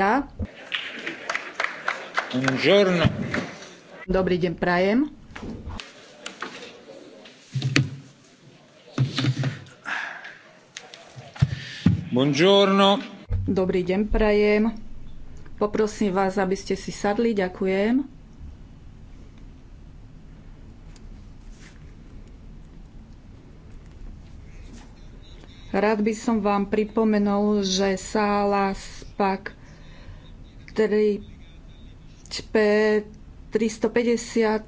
Buongiorno. Dobrý deň prajem. Buongiorno. Dobrý deň prajem. Poprosím vás, aby ste si sadli. Ďakujem. Rád by som vám pripomenul, že sála SPAK 350,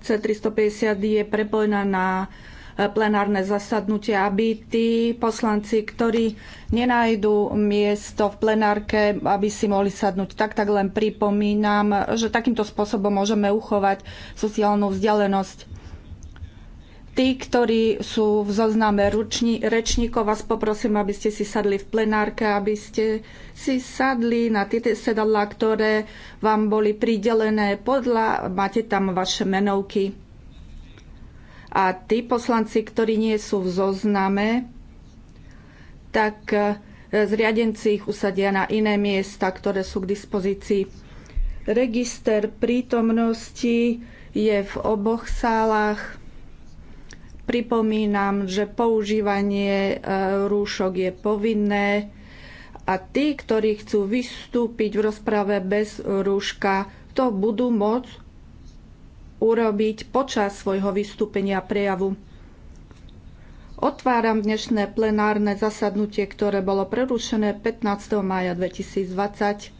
C350 je prepojená na eh, plenárne zasadnutie, aby tí poslanci, ktorí nenájdu miesto v plenárke, aby si mohli sadnúť. Tak, tak len pripomínam, že takýmto spôsobom môžeme uchovať sociálnu vzdialenosť. Tí, ktorí sú v zozname ruční, rečníkov, vás poprosím, aby ste si sadli v plenárke, aby ste si sadli na tie sedadlá, ktoré vám boli pridelené podľa, máte tam vaše menovky. A tí poslanci, ktorí nie sú v zozname, tak e, zriadenci ich usadia na iné miesta, ktoré sú k dispozícii. Register prítomnosti je v oboch sálach Pripomínam, že používanie e, rúšok je povinné a tí, ktorí chcú vystúpiť v rozprave bez rúška, to budú môcť urobiť počas svojho vystúpenia prejavu. Otváram dnešné plenárne zasadnutie, ktoré bolo prerušené 15. maja 2020.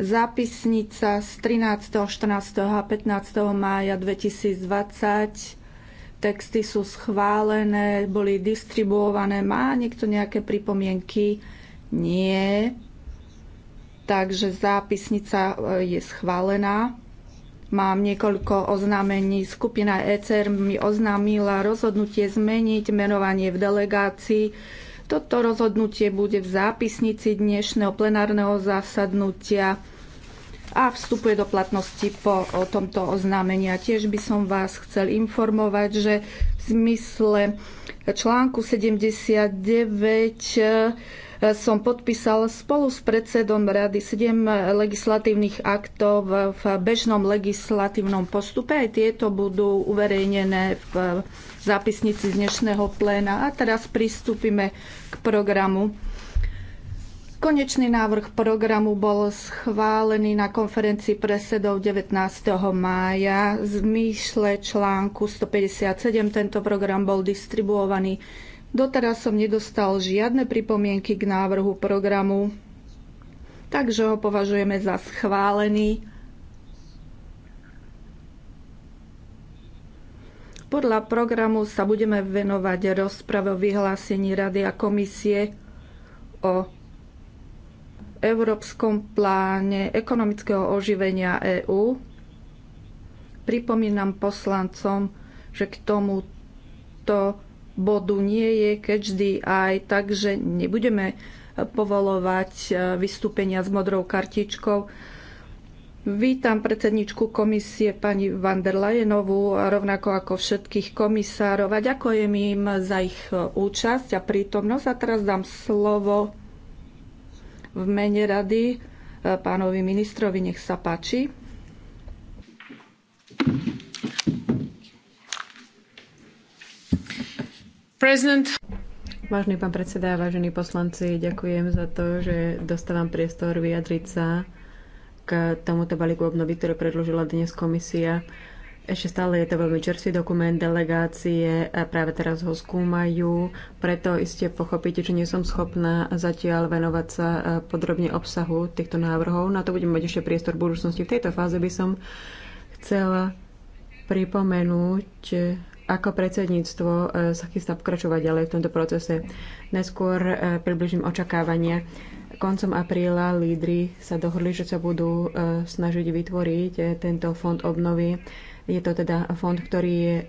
Zápisnica z 13., 14. a 15. mája 2020 texty sú schválené, boli distribuované. Má niekto nejaké pripomienky? Nie. Takže zápisnica eh, je schválená. Mám niekoľko oznámení. Skupina ECR mi oznámila rozhodnutie zmeniť menovanie v delegácii. Toto rozhodnutie bude v zápisnici dnešného plenárneho zasadnutia a vstupuje do platnosti po tomto oznámení. A tiež by som vás chcel informovať, že v zmysle článku 79 e, som podpísal spolu s predsedom rady 7 legislatívnych aktov v bežnom legislatívnom postupe. Aj tieto budú uverejnené v zápisnici z dnešného pléna. A teraz pristúpime k programu. Konečný návrh programu bol schválený na konferencii presedov 19. mája. V zmýšle článku 157 tento program bol distribuovaný. Doteraz som nedostal žiadne pripomienky k návrhu programu, takže ho považujeme za schválený. Podľa programu sa budeme venovať rozprave o vyhlásení Rady a komisie o Európskom pláne ekonomického oživenia EÚ. Pripomínam poslancom, že k tomuto bodu nie je keďždy aj, takže nebudeme povolovať e, vystúpenia s modrou kartičkou. Vítam predsedničku komisie pani van der Leyenovú, rovnako ako všetkých komisárov a ďakujem im za ich e, účasť a prítomnosť. A teraz dám slovo v mene rady e, pánovi ministrovi. Nech sa páči. President. Vážený pán predseda, vážení poslanci, ďakujem za to, že dostávam priestor vyjadriť sa k tomuto balíku obnovy, ktoré predložila dnes komisia. Ešte stále je to veľmi čerstvý dokument, delegácie práve teraz ho skúmajú, preto iste pochopíte, že nie som schopná zatiaľ venovať sa e, podrobne obsahu týchto návrhov. Na to budeme mať ešte priestor v budúcnosti. V tejto fáze by som chcela pripomenúť, ako predsedníctvo e, sa chystá pokračovať ďalej v tomto procese. Neskôr e, približím očakávania. Koncom apríla lídry sa dohodli, že sa budú snažiť vytvoriť tento fond obnovy je to teda fond, ktorý je eh,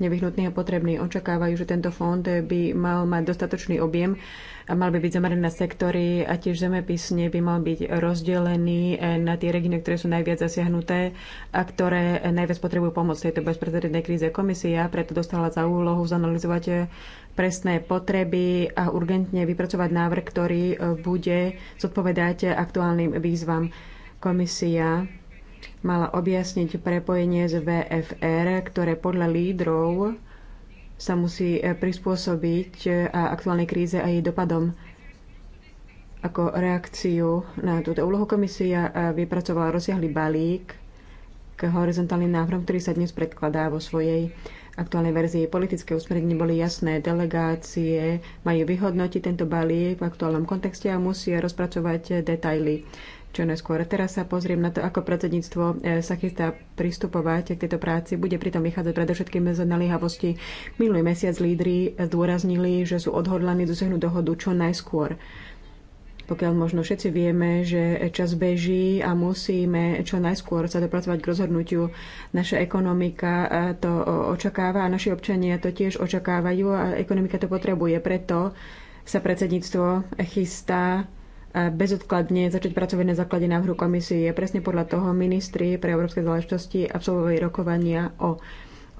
nevyhnutný a potrebný. Očakávajú, že tento fond eh, by mal mať dostatočný objem a mal by byť zameraný na sektory a tiež zemepisne by mal byť rozdelený eh, na tie regíny, ktoré sú najviac zasiahnuté a ktoré najviac potrebujú pomoc tejto bezprecedentnej kríze. Komisia preto dostala za úlohu zanalizovať presné potreby a urgentne vypracovať návrh, ktorý bude zodpovedať aktuálnym výzvam. Komisia mala objasniť prepojenie s VFR, ktoré podľa lídrov sa musí eh, prispôsobiť eh, a aktuálnej kríze a jej dopadom. Ako reakciu na túto úlohu komisia eh, vypracovala rozsiahly balík k horizontálnym návrhom, ktorý sa dnes predkladá vo svojej aktuálnej verzii. Politické usmerenie boli jasné, delegácie majú vyhodnotiť tento balík v aktuálnom kontexte a musia rozpracovať detaily čo neskôr. Teraz sa pozriem na to, ako predsedníctvo e, sa chystá pristupovať k tejto práci. Bude pritom vychádzať predovšetkým z naliehavosti. Minulý mesiac lídry zdôraznili, že sú odhodlaní dosiahnuť dohodu čo najskôr. Pokiaľ možno všetci vieme, že čas beží a musíme čo najskôr sa dopracovať k rozhodnutiu, naša ekonomika e, to očakáva a naši občania to tiež očakávajú a ekonomika to potrebuje. Preto sa predsedníctvo chystá bezodkladne začať pracovať na základe návrhu komisie. Presne podľa toho ministri pre európske záležitosti absolvovali rokovania o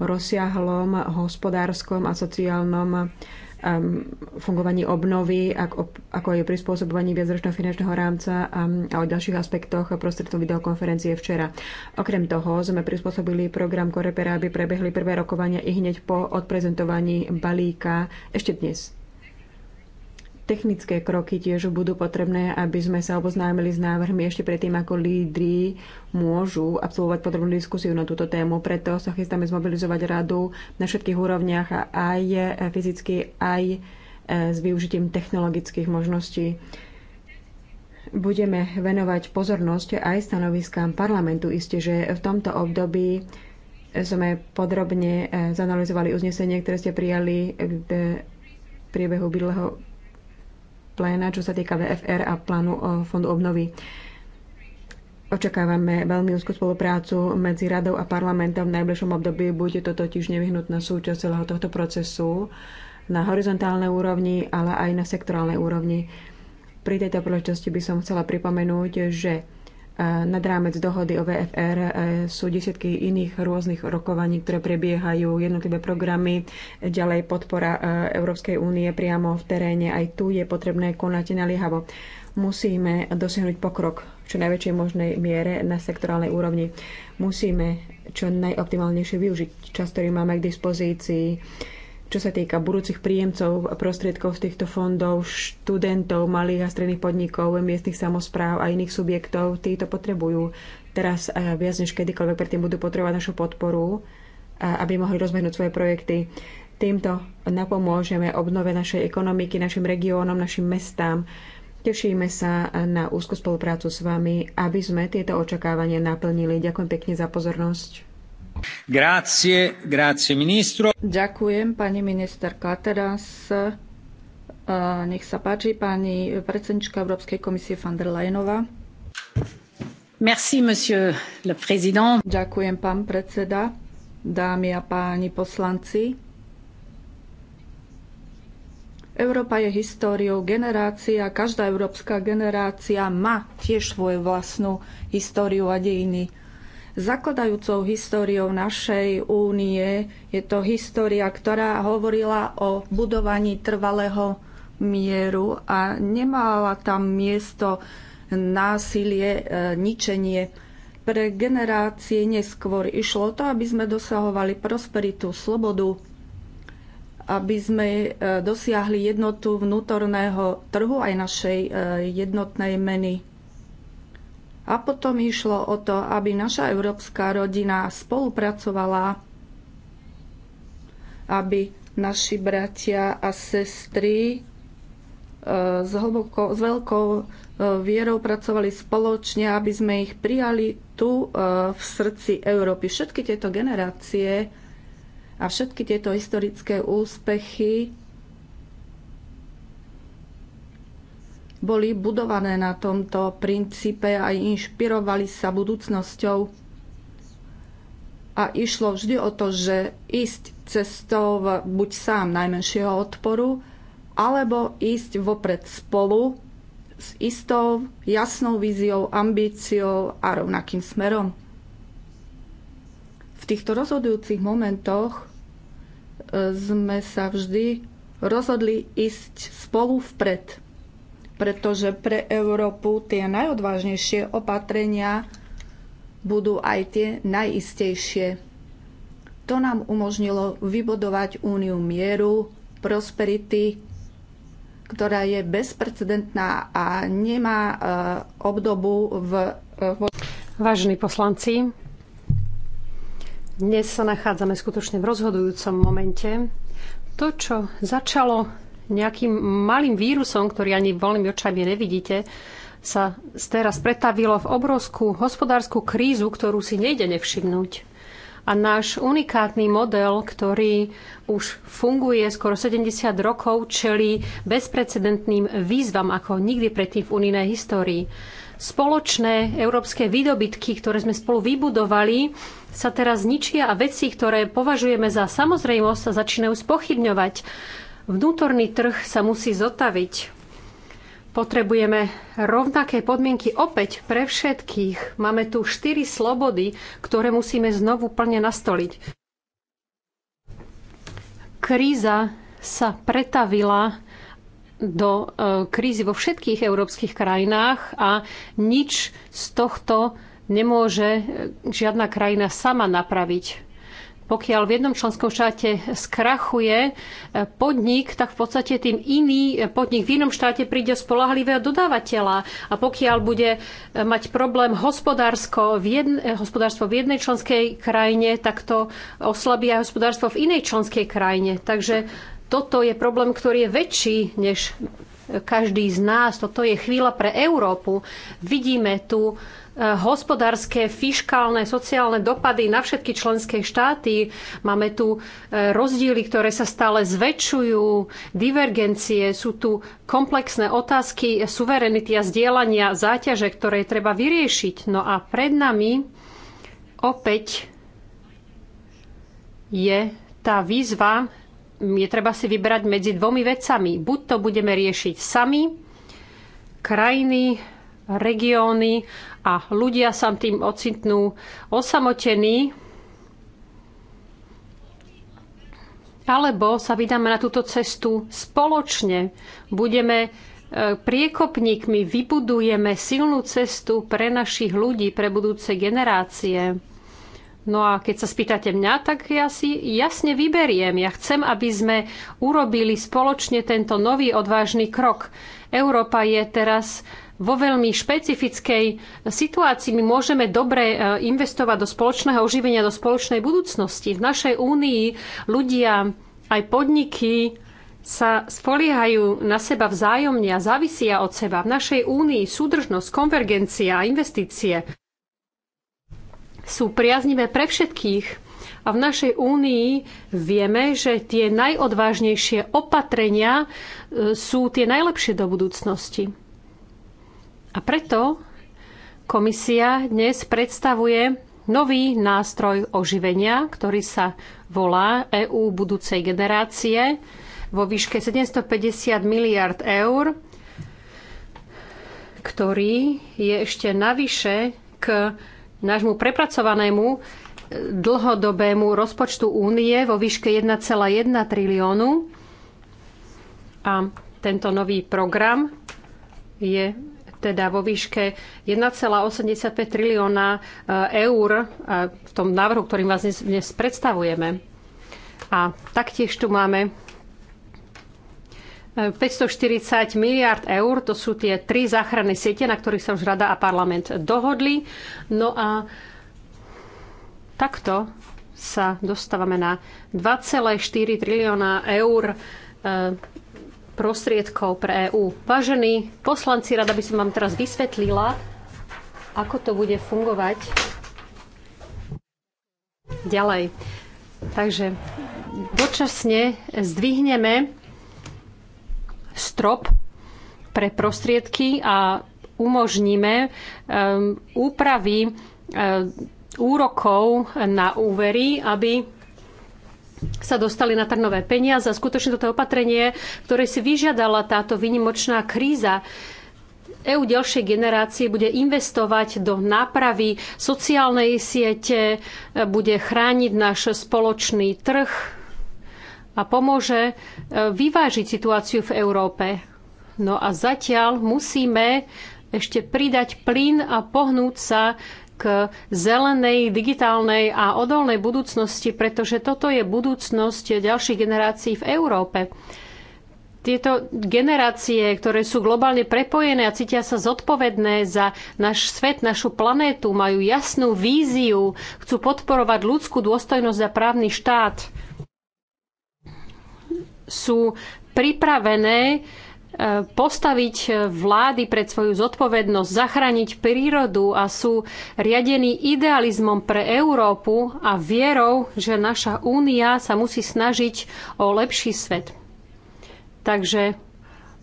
rozsiahlom hospodárskom a sociálnom um, fungovaní obnovy, ako, ako je prispôsobovanie viacročného finančného rámca a, um, a o ďalších aspektoch prostredstvom videokonferencie včera. Okrem toho sme prispôsobili program Korepera, aby prebehli prvé rokovania i hneď po odprezentovaní balíka ešte dnes. Technické kroky tiež budú potrebné, aby sme sa oboznámili s návrhmi ešte predtým, ako lídry môžu absolvovať podrobnú diskusiu na túto tému. Preto sa chystáme zmobilizovať radu na všetkých úrovniach, a aj fyzicky, aj e, s využitím technologických možností. Budeme venovať pozornosť aj stanoviskám parlamentu. Isté, že v tomto období sme podrobne e, zanalizovali uznesenie, ktoré ste prijali v e, priebehu bydlého pléna, čo sa týka VFR a plánu e, fondu obnovy. Očakávame veľmi úzkú spoluprácu medzi radou a parlamentom v najbližšom období. Bude to totiž nevyhnutná súčasť celého tohto procesu na horizontálnej úrovni, ale aj na sektorálnej úrovni. Pri tejto príležitosti by som chcela pripomenúť, že nad rámec dohody o VFR e, sú desiatky iných rôznych rokovaní, ktoré prebiehajú, jednotlivé programy, ďalej podpora e, Európskej únie priamo v teréne. Aj tu je potrebné konať naliehavo. Musíme dosiahnuť pokrok v čo najväčšej možnej miere na sektorálnej úrovni. Musíme čo najoptimálnejšie využiť čas, ktorý máme k dispozícii čo sa týka budúcich príjemcov prostriedkov z týchto fondov, študentov, malých a stredných podnikov, miestnych samozpráv a iných subjektov, tí to potrebujú teraz eh, viac než kedykoľvek predtým budú potrebovať našu podporu, eh, aby mohli rozbehnúť svoje projekty. Týmto napomôžeme obnove našej ekonomiky, našim regiónom, našim mestám. Tešíme sa eh, na úzku spoluprácu s vami, aby sme tieto očakávania naplnili. Ďakujem pekne za pozornosť. Grazie, grazie ministro. Ďakujem, pani ministerka. Teraz nech sa páči pani predsednička Európskej komisie van der Leyenová. Merci, monsieur le président. Ďakujem, pán predseda, dámy a páni poslanci. Európa je históriou generácií a každá európska generácia má tiež svoju vlastnú históriu a dejiny zakladajúcou históriou našej únie. Je to história, ktorá hovorila o budovaní trvalého mieru a nemala tam miesto násilie, e, ničenie. Pre generácie neskôr išlo to, aby sme dosahovali prosperitu, slobodu, aby sme e, dosiahli jednotu vnútorného trhu aj našej e, jednotnej meny. A potom išlo o to, aby naša európska rodina spolupracovala, aby naši bratia a sestry e, s, hlboko, s veľkou e, vierou pracovali spoločne, aby sme ich prijali tu e, v srdci Európy. Všetky tieto generácie a všetky tieto historické úspechy boli budované na tomto princípe a inšpirovali sa budúcnosťou. A išlo vždy o to, že ísť cestou buď sám najmenšieho odporu, alebo ísť vopred spolu s istou, jasnou víziou, ambíciou a rovnakým smerom. V týchto rozhodujúcich momentoch e, sme sa vždy rozhodli ísť spolu vpred pretože pre Európu tie najodvážnejšie opatrenia budú aj tie najistejšie. To nám umožnilo vybudovať úniu mieru, prosperity, ktorá je bezprecedentná a nemá eh, obdobu v... Eh, Vážení poslanci, dnes sa nachádzame skutočne v rozhodujúcom momente. To, čo začalo nejakým malým vírusom, ktorý ani voľnými očami nevidíte, sa teraz pretavilo v obrovskú hospodárskú krízu, ktorú si nejde nevšimnúť. A náš unikátny model, ktorý už funguje skoro 70 rokov, čelí bezprecedentným výzvam ako nikdy predtým v unijnej histórii. Spoločné európske výdobytky, ktoré sme spolu vybudovali, sa teraz ničia a veci, ktoré považujeme za samozrejmosť, sa začínajú spochybňovať. Vnútorný trh sa musí zotaviť. Potrebujeme rovnaké podmienky opäť pre všetkých. Máme tu štyri slobody, ktoré musíme znovu plne nastoliť. Kríza sa pretavila do e, krízy vo všetkých európskych krajinách a nič z tohto nemôže e, žiadna krajina sama napraviť pokiaľ v jednom členskom štáte skrachuje e, podnik, tak v podstate tým iný podnik v inom štáte príde spolahlivého dodávateľa. A pokiaľ bude e, mať problém hospodársko v jedne, hospodárstvo v jednej členskej krajine, tak to oslabí aj hospodárstvo v inej členskej krajine. Takže toto je problém, ktorý je väčší než e, každý z nás. Toto je chvíľa pre Európu. Vidíme tu hospodárske, fiškálne, sociálne dopady na všetky členské štáty. Máme tu e, rozdiely, ktoré sa stále zväčšujú, divergencie, sú tu komplexné otázky suverenity a zdieľania záťaže, ktoré treba vyriešiť. No a pred nami opäť je tá výzva, je treba si vybrať medzi dvomi vecami. Buď to budeme riešiť sami, krajiny, regióny a ľudia sa tým ocitnú osamotení, alebo sa vydáme na túto cestu spoločne. Budeme e, priekopníkmi, vybudujeme silnú cestu pre našich ľudí, pre budúce generácie. No a keď sa spýtate mňa, tak ja si jasne vyberiem. Ja chcem, aby sme urobili spoločne tento nový odvážny krok. Európa je teraz vo veľmi špecifickej situácii. My môžeme dobre e, investovať do spoločného oživenia, do spoločnej budúcnosti. V našej únii ľudia, aj podniky sa spoliehajú na seba vzájomne a závisia od seba. V našej únii súdržnosť, konvergencia a investície sú priaznivé pre všetkých. A v našej únii vieme, že tie najodvážnejšie opatrenia e, sú tie najlepšie do budúcnosti. A preto komisia dnes predstavuje nový nástroj oživenia, ktorý sa volá EÚ budúcej generácie vo výške 750 miliard eur, ktorý je ešte navyše k nášmu prepracovanému dlhodobému rozpočtu únie vo výške 1,1 triliónu. A tento nový program je teda vo výške 1,85 trilióna eh, eur eh, v tom návrhu, ktorým vás dnes predstavujeme. A taktiež tu máme 540 eh, miliard eur, to sú tie tri záchranné siete, na ktorých sa už Rada a parlament dohodli. No a takto sa dostávame na 2,4 trilióna eur prostriedkov pre EÚ. Vážení poslanci, rada by som vám teraz vysvetlila, ako to bude fungovať ďalej. Takže dočasne zdvihneme strop pre prostriedky a umožníme ehm, úpravy ehm, úrokov na úvery, aby sa dostali na trnové peniaze. A skutočne toto opatrenie, ktoré si vyžiadala táto vynimočná kríza, EU ďalšej generácie bude investovať do nápravy sociálnej siete, bude chrániť náš spoločný trh a pomôže e, vyvážiť situáciu v Európe. No a zatiaľ musíme ešte pridať plyn a pohnúť sa k zelenej, digitálnej a odolnej budúcnosti, pretože toto je budúcnosť ďalších generácií v Európe. Tieto generácie, ktoré sú globálne prepojené a cítia sa zodpovedné za náš svet, našu planétu, majú jasnú víziu, chcú podporovať ľudskú dôstojnosť a právny štát. Sú pripravené postaviť vlády pred svoju zodpovednosť, zachrániť prírodu a sú riadení idealizmom pre Európu a vierou, že naša únia sa musí snažiť o lepší svet. Takže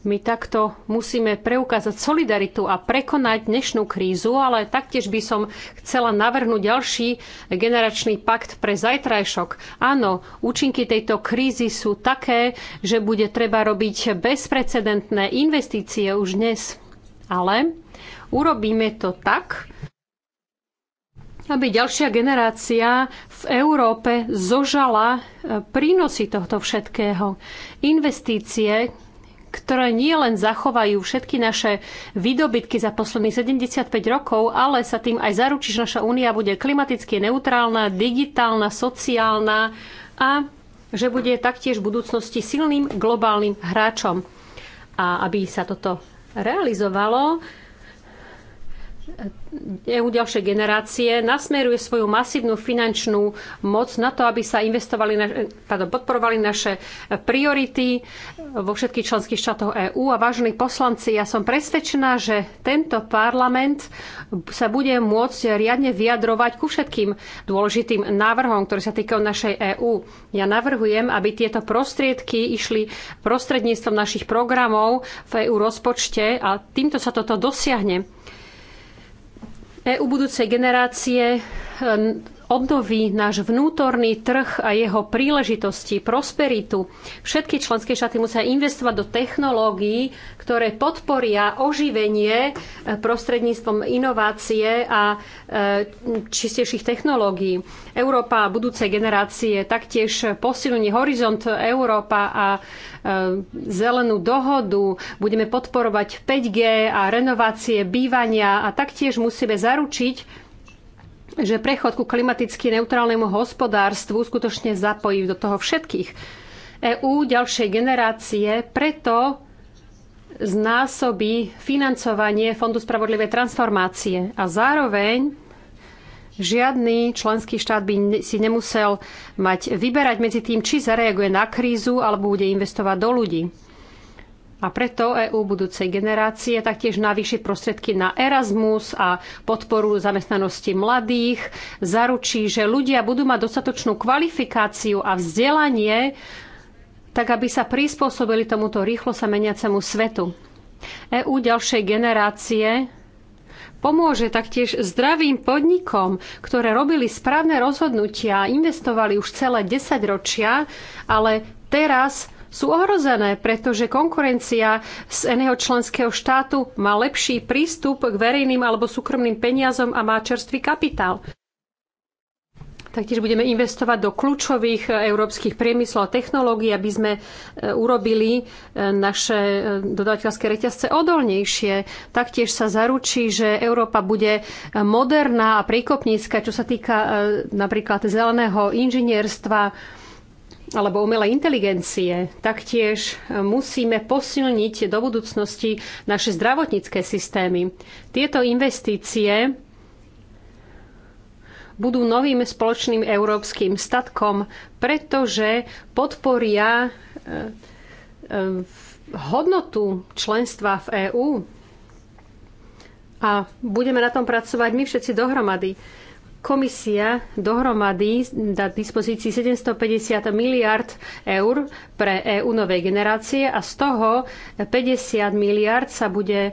my takto musíme preukázať solidaritu a prekonať dnešnú krízu, ale taktiež by som chcela navrhnúť ďalší generačný pakt pre zajtrajšok. Áno, účinky tejto krízy sú také, že bude treba robiť bezprecedentné investície už dnes. Ale urobíme to tak, aby ďalšia generácia v Európe zožala prínosy tohto všetkého. Investície, ktoré nie len zachovajú všetky naše výdobytky za posledných 75 rokov, ale sa tým aj zaručí, že naša únia bude klimaticky neutrálna, digitálna, sociálna a že bude taktiež v budúcnosti silným globálnym hráčom. A aby sa toto realizovalo, EU ďalšie generácie nasmeruje svoju masívnu finančnú moc na to, aby sa investovali, pardon, podporovali naše priority, vo všetkých členských štátoch EÚ. A vážení poslanci, ja som presvedčená, že tento parlament sa bude môcť riadne vyjadrovať ku všetkým dôležitým návrhom, ktoré sa týkajú našej EÚ. Ja navrhujem, aby tieto prostriedky išli prostredníctvom našich programov v EÚ rozpočte a týmto sa toto dosiahne. EÚ budúcej generácie obnoví náš vnútorný trh a jeho príležitosti, prosperitu. Všetky členské štáty musia investovať do technológií, ktoré podporia oživenie eh, prostredníctvom inovácie a eh, čistejších technológií. Európa a budúce generácie taktiež posilní horizont Európa a eh, zelenú dohodu. Budeme podporovať 5G a renovácie bývania a taktiež musíme zaručiť, že prechod ku klimaticky neutrálnemu hospodárstvu skutočne zapojí do toho všetkých. EÚ ďalšej generácie preto znásobí financovanie Fondu spravodlivej transformácie a zároveň žiadny členský štát by si nemusel mať vyberať medzi tým, či zareaguje na krízu alebo bude investovať do ľudí. A preto EÚ budúcej generácie taktiež navýši prostriedky na Erasmus a podporu zamestnanosti mladých, zaručí, že ľudia budú mať dostatočnú kvalifikáciu a vzdelanie, tak aby sa prispôsobili tomuto rýchlo sa meniacemu svetu. EÚ ďalšej generácie pomôže taktiež zdravým podnikom, ktoré robili správne rozhodnutia, investovali už celé desaťročia, ale teraz sú ohrozené, pretože konkurencia z iného členského štátu má lepší prístup k verejným alebo súkromným peniazom a má čerstvý kapitál. Taktiež budeme investovať do kľúčových eh, európskych priemyslov a technológií, aby sme eh, urobili eh, naše dodateľské reťazce odolnejšie. Taktiež sa zaručí, že Európa bude moderná a príkopnícka, čo sa týka napríklad zeleného inžinierstva, alebo umelej inteligencie, taktiež e, musíme posilniť do budúcnosti naše zdravotnícke systémy. Tieto investície budú novým spoločným európskym statkom, pretože podporia e, e, hodnotu členstva v EÚ a budeme na tom pracovať my všetci dohromady komisia dohromady dá dispozícii 750 miliard eur pre EU novej generácie a z toho 50 miliard sa bude e,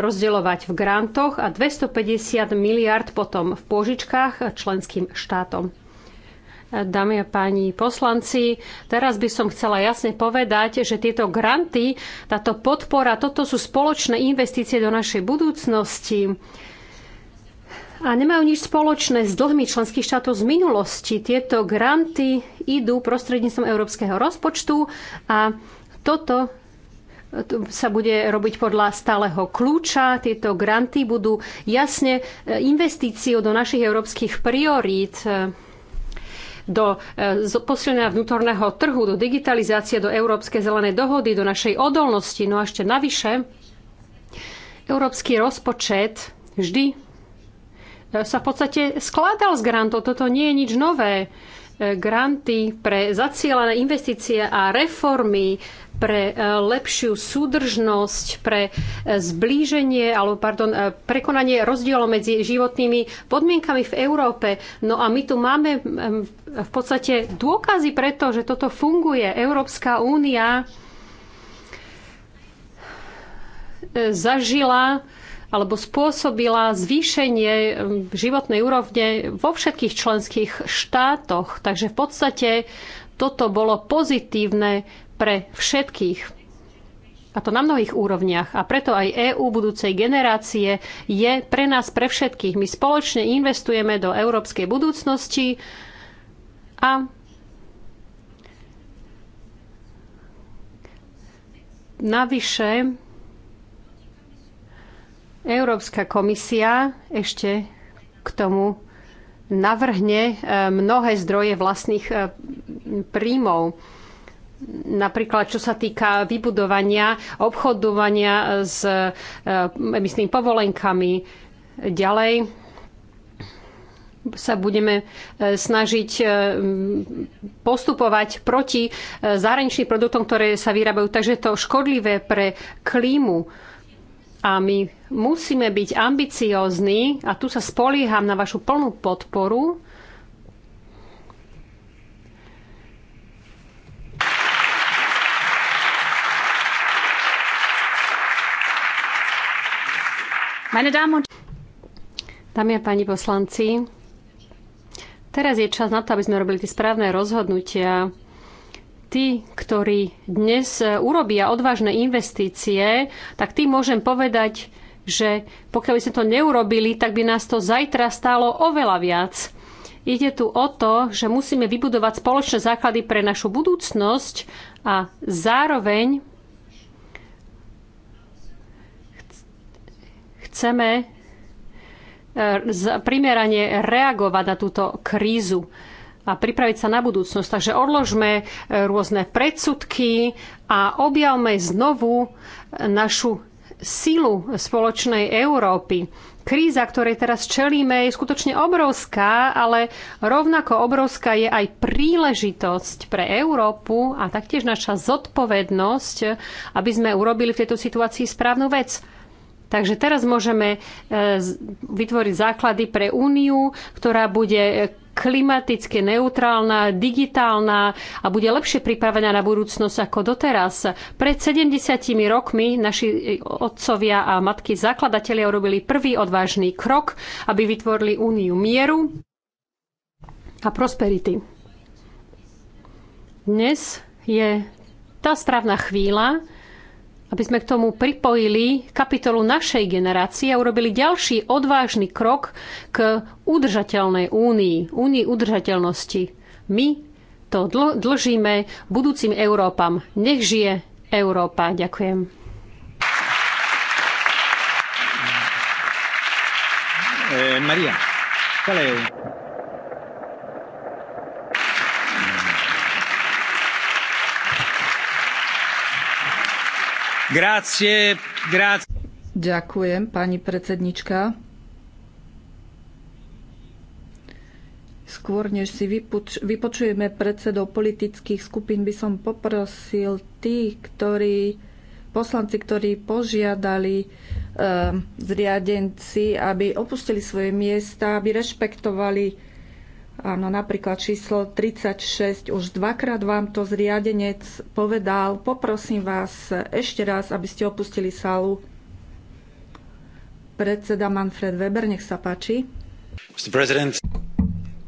rozdeľovať v grantoch a 250 miliard potom v pôžičkách členským štátom. Dámy a páni poslanci, teraz by som chcela jasne povedať, že tieto granty, táto podpora, toto sú spoločné investície do našej budúcnosti a nemajú nič spoločné s dlhmi členských štátov z minulosti. Tieto granty idú prostredníctvom európskeho rozpočtu a toto sa bude robiť podľa stáleho kľúča. Tieto granty budú jasne e, investíciou do našich európskych priorít e, do e, posilnenia vnútorného trhu, do digitalizácie, do Európskej zelenej dohody, do našej odolnosti. No a ešte navyše, európsky rozpočet vždy sa v podstate skladal z grantov. Toto nie je nič nové. E, granty pre zacielené investície a reformy, pre e, lepšiu súdržnosť, pre e, zblíženie alebo pardon, prekonanie rozdielov medzi životnými podmienkami v Európe. No a my tu máme v podstate dôkazy preto, že toto funguje. Európska únia zažila alebo spôsobila zvýšenie um, životnej úrovne vo všetkých členských štátoch. Takže v podstate toto bolo pozitívne pre všetkých. A to na mnohých úrovniach. A preto aj EÚ budúcej generácie je pre nás, pre všetkých. My spoločne investujeme do európskej budúcnosti a navyše Európska komisia ešte k tomu navrhne e, mnohé zdroje vlastných e, príjmov. Napríklad, čo sa týka vybudovania, obchodovania s e, emisnými povolenkami. Ďalej sa budeme snažiť postupovať proti zahraničným produktom, ktoré sa vyrábajú. Takže to škodlivé pre klímu a my musíme byť ambiciózni, a tu sa spolieham na vašu plnú podporu, Meine Damen und Dámy a páni poslanci, teraz je čas na to, aby sme robili tie správne rozhodnutia tí, ktorí dnes e, urobia odvážne investície, tak tým môžem povedať, že pokiaľ by sme to neurobili, tak by nás to zajtra stálo oveľa viac. Ide tu o to, že musíme vybudovať spoločné základy pre našu budúcnosť a zároveň chceme e, primerane reagovať na túto krízu a pripraviť sa na budúcnosť. Takže odložme e, rôzne predsudky a objavme znovu e, našu silu spoločnej Európy. Kríza, ktorej teraz čelíme, je skutočne obrovská, ale rovnako obrovská je aj príležitosť pre Európu a taktiež naša zodpovednosť, aby sme urobili v tejto situácii správnu vec. Takže teraz môžeme e, vytvoriť základy pre úniu, ktorá bude klimaticky neutrálna, digitálna a bude lepšie pripravená na budúcnosť ako doteraz. Pred 70 rokmi naši otcovia a matky zakladatelia urobili prvý odvážny krok, aby vytvorili úniu mieru a prosperity. Dnes je tá správna chvíľa, aby sme k tomu pripojili kapitolu našej generácie a urobili ďalší odvážny krok k udržateľnej únii, únii udržateľnosti. My to dl- dlžíme budúcim Európam. Nech žije Európa. Ďakujem. Eh, Maria, es? Ďakujem, pani predsednička. Skôr, než si vypočujeme predsedov politických skupín, by som poprosil tí, ktorí, poslanci, ktorí požiadali eh, zriadenci, aby opustili svoje miesta, aby rešpektovali Áno, napríklad číslo 36, už dvakrát vám to zriadenec povedal. Poprosím vás ešte raz, aby ste opustili sálu. Predseda Manfred Weber, nech sa páči.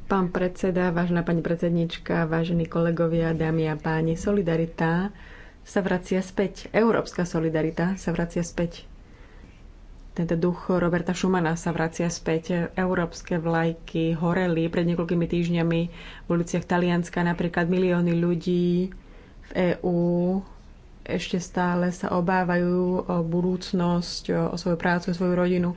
Pán predseda, vážna pani predsednička, vážení kolegovia, dámy a páni, solidarita sa vracia späť. Európska solidarita sa vracia späť. Tento duch Roberta Schumana sa vracia späť. Európske vlajky horeli pred niekoľkými týždňami v uliciach Talianska. Napríklad milióny ľudí v EÚ ešte stále sa obávajú o budúcnosť, o svoju prácu, o svoju rodinu.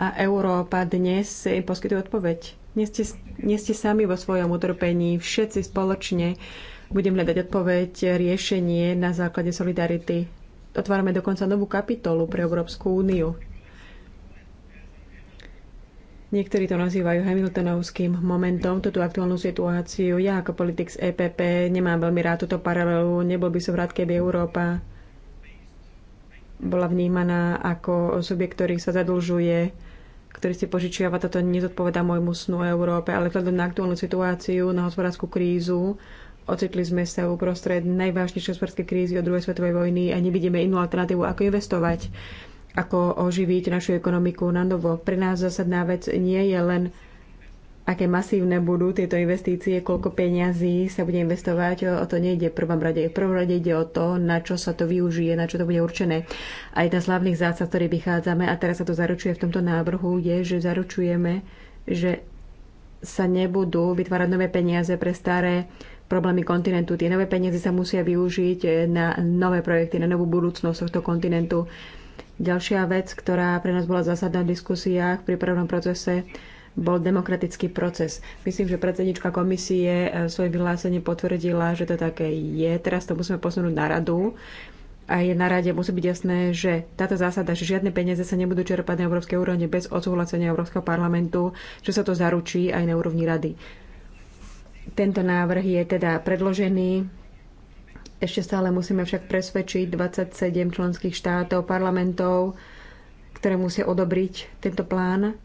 A Európa dnes im poskytuje odpoveď. Nie ste, nie ste sami vo svojom utrpení, všetci spoločne budem hľadať odpoveď, riešenie na základe solidarity. Otvárame dokonca novú kapitolu pre Európsku úniu. Niektorí to nazývajú Hamiltonovským momentom, túto aktuálnu situáciu. Ja ako politik z EPP nemám veľmi rád túto paralelu. Nebol by som rád, keby Európa bola vnímaná ako subjekt, ktorý sa zadlžuje, ktorý si požičiava. Toto nezodpovedá môjmu snu o Európe, ale vzhľadom na aktuálnu situáciu, na hospodárskú krízu, Ocitli sme sa uprostred najvážnejšej hospodárskej krízy od druhej svetovej vojny a nevidíme inú alternatívu, ako investovať ako oživiť našu ekonomiku na novo. Pre nás zásadná vec nie je len aké masívne budú tieto investície, koľko peňazí sa bude investovať, o to nejde v prvom rade. V prvom rade ide o to, na čo sa to využije, na čo to bude určené. A jedna z hlavných zásad, ktorý vychádzame, a teraz sa to zaručuje v tomto návrhu, je, že zaručujeme, že sa nebudú vytvárať nové peniaze pre staré problémy kontinentu. Tie nové peniaze sa musia využiť na nové projekty, na novú budúcnosť tohto kontinentu Ďalšia vec, ktorá pre nás bola zásadná v diskusiách pri prvnom procese, bol demokratický proces. Myslím, že predsednička komisie e, svoje vyhlásenie potvrdila, že to také je. Teraz to musíme posunúť na radu. A je na rade, musí byť jasné, že táto zásada, že žiadne peniaze sa nebudú čerpať na európskej úrovni bez odsúhlasenia Európskeho parlamentu, že sa to zaručí aj na úrovni rady. Tento návrh je teda predložený ešte stále musíme však presvedčiť 27 členských štátov, parlamentov, ktoré musia odobriť tento plán.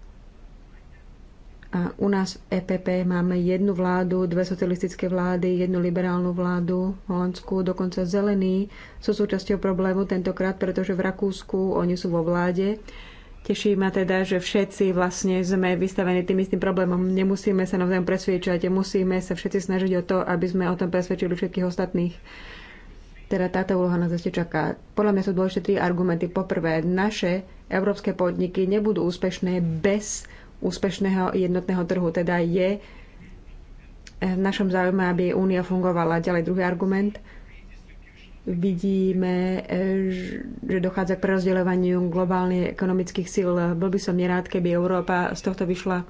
A u nás v EPP máme jednu vládu, dve socialistické vlády, jednu liberálnu vládu v Holandsku, dokonca zelení sú súčasťou problému tentokrát, pretože v Rakúsku oni sú vo vláde. Teší ma teda, že všetci vlastne sme vystavení tým istým problémom. Nemusíme sa navzájom presviečať, musíme sa všetci snažiť o to, aby sme o tom presvedčili všetkých ostatných teda táto úloha nás ešte čaká. Podľa mňa sú dôležité tri argumenty. Poprvé, naše európske podniky nebudú úspešné bez úspešného jednotného trhu. Teda je eh, v našom záujme, aby únia fungovala. Ďalej druhý argument. Vidíme, eh, že dochádza k prerozdeľovaniu globálnych ekonomických síl. Bol by som nerád, keby Európa z tohto vyšla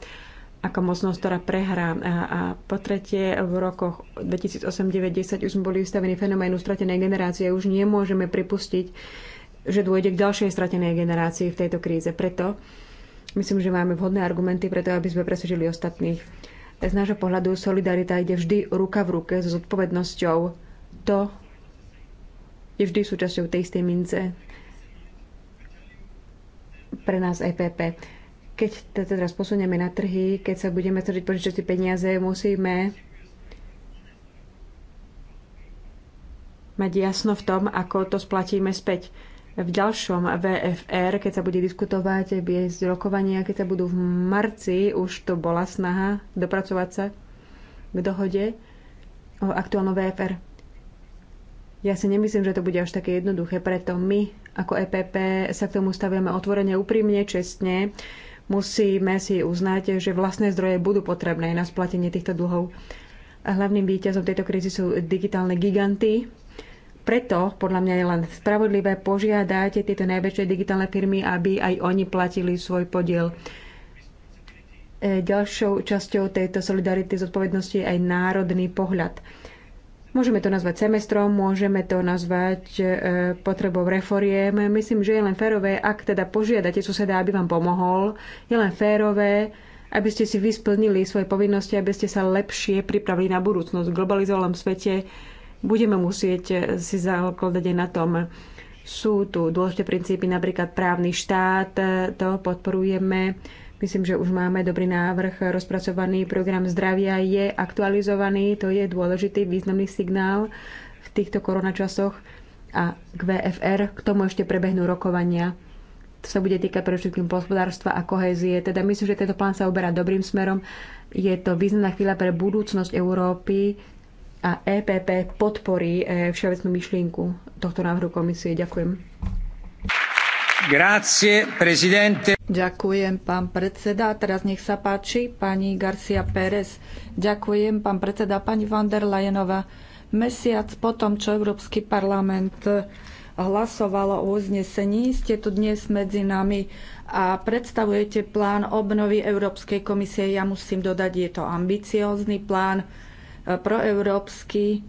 ako možnosť, ktorá prehrá. A, a po tretie, v rokoch 2008, 2010 už sme boli vystavení fenoménu stratenej generácie. Už nemôžeme pripustiť, že dôjde k ďalšej stratenej generácii v tejto kríze. Preto myslím, že máme vhodné argumenty preto, aby sme presvedčili ostatných. Z nášho pohľadu solidarita ide vždy ruka v ruke s zodpovednosťou. To je vždy súčasťou tej istej mince. Pre nás EPP. Keď to teraz posunieme na trhy, keď sa budeme snažiť požičať si peniaze, musíme mať jasno v tom, ako to splatíme späť. V ďalšom VFR, keď sa bude diskutovať, viesť rokovania, keď sa budú v marci, už to bola snaha dopracovať sa k dohode o aktuálnom VFR. Ja si nemyslím, že to bude až také jednoduché, preto my ako EPP sa k tomu stavíme otvorene, úprimne, čestne. Musíme si uznať, že vlastné zdroje budú potrebné na splatenie týchto dlhov. A hlavným víťazom tejto krízy sú digitálne giganty. Preto podľa mňa je len spravodlivé požiadať tieto najväčšie digitálne firmy, aby aj oni platili svoj podiel. E, ďalšou časťou tejto solidarity zodpovednosti je aj národný pohľad. Môžeme to nazvať semestrom, môžeme to nazvať e, potrebou reforiem. Myslím, že je len férové, ak teda požiadate suseda, aby vám pomohol, je len férové, aby ste si vysplnili svoje povinnosti, aby ste sa lepšie pripravili na budúcnosť. V globalizovanom svete budeme musieť e, si zakladať aj na tom. Sú tu dôležité princípy, napríklad právny štát, e, to podporujeme Myslím, že už máme dobrý návrh. Rozpracovaný program zdravia je aktualizovaný. To je dôležitý významný signál v týchto koronačasoch. A k VFR, k tomu ešte prebehnú rokovania. To sa bude týkať pre všetkým hospodárstva a kohézie. Teda myslím, že tento plán sa oberá dobrým smerom. Je to významná chvíľa pre budúcnosť Európy a EPP podporí eh, všeobecnú myšlienku tohto návrhu komisie. Ďakujem. Grazie, prezidente. Ďakujem, pán predseda. Teraz nech sa páči, pani Garcia Pérez. Ďakujem, pán predseda, pani von der Leyenová. Mesiac potom, čo Európsky parlament hlasovalo o uznesení, ste tu dnes medzi nami a predstavujete plán obnovy Európskej komisie. Ja musím dodať, je to ambiciózny plán, proeurópsky,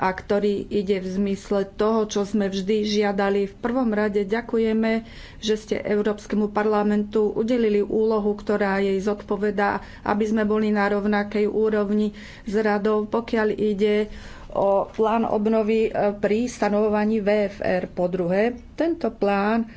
a ktorý ide v zmysle toho, čo sme vždy žiadali. V prvom rade ďakujeme, že ste Európskemu parlamentu udelili úlohu, ktorá jej zodpovedá, aby sme boli na rovnakej úrovni s radou, pokiaľ ide o plán obnovy eh, pri stanovovaní VFR. Po druhé, tento plán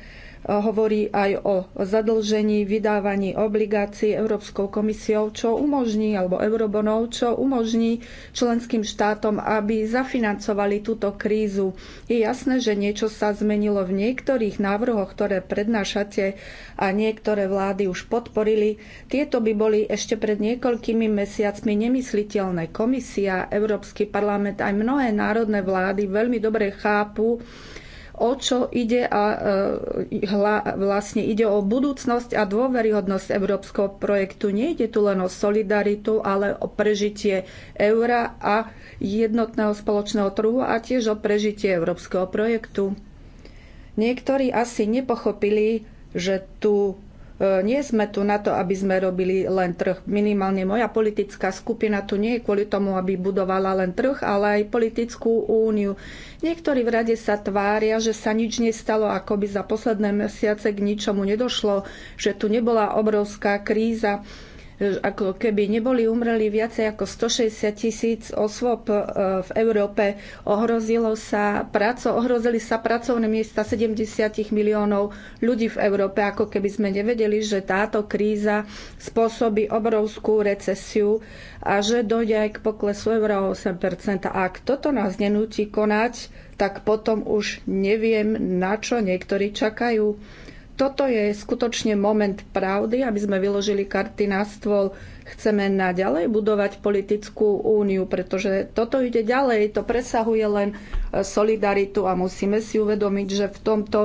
E, hovorí aj o zadlžení, vydávaní obligácií Európskou komisiou, čo umožní, alebo eurobonov, čo umožní členským štátom, aby zafinancovali túto krízu. Je jasné, že niečo sa zmenilo v niektorých návrhoch, ktoré prednášate a niektoré vlády už podporili. Tieto by boli ešte pred niekoľkými mesiacmi nemysliteľné. Komisia, Európsky parlament aj mnohé národné vlády veľmi dobre chápu, o čo ide a e, hla, vlastne ide o budúcnosť a dôveryhodnosť európskeho projektu. Nejde tu len o solidaritu, ale o prežitie eura a jednotného spoločného trhu a tiež o prežitie európskeho projektu. Niektorí asi nepochopili, že tu E, nie sme tu na to, aby sme robili len trh. Minimálne moja politická skupina tu nie je kvôli tomu, aby budovala len trh, ale aj politickú úniu. Niektorí v rade sa tvária, že sa nič nestalo, ako by za posledné mesiace k ničomu nedošlo, že tu nebola obrovská kríza ako keby neboli umreli viacej ako 160 tisíc osôb e, v Európe. Ohrozilo sa praco, ohrozili sa pracovné miesta 70 miliónov ľudí v Európe, ako keby sme nevedeli, že táto kríza spôsobí obrovskú recesiu a že dojde aj k poklesu eura o 8%. A ak toto nás nenúti konať, tak potom už neviem, na čo niektorí čakajú toto je skutočne moment pravdy, aby sme vyložili karty na stôl. Chceme naďalej budovať politickú úniu, pretože toto ide ďalej, to presahuje len e, solidaritu a musíme si uvedomiť, že v tomto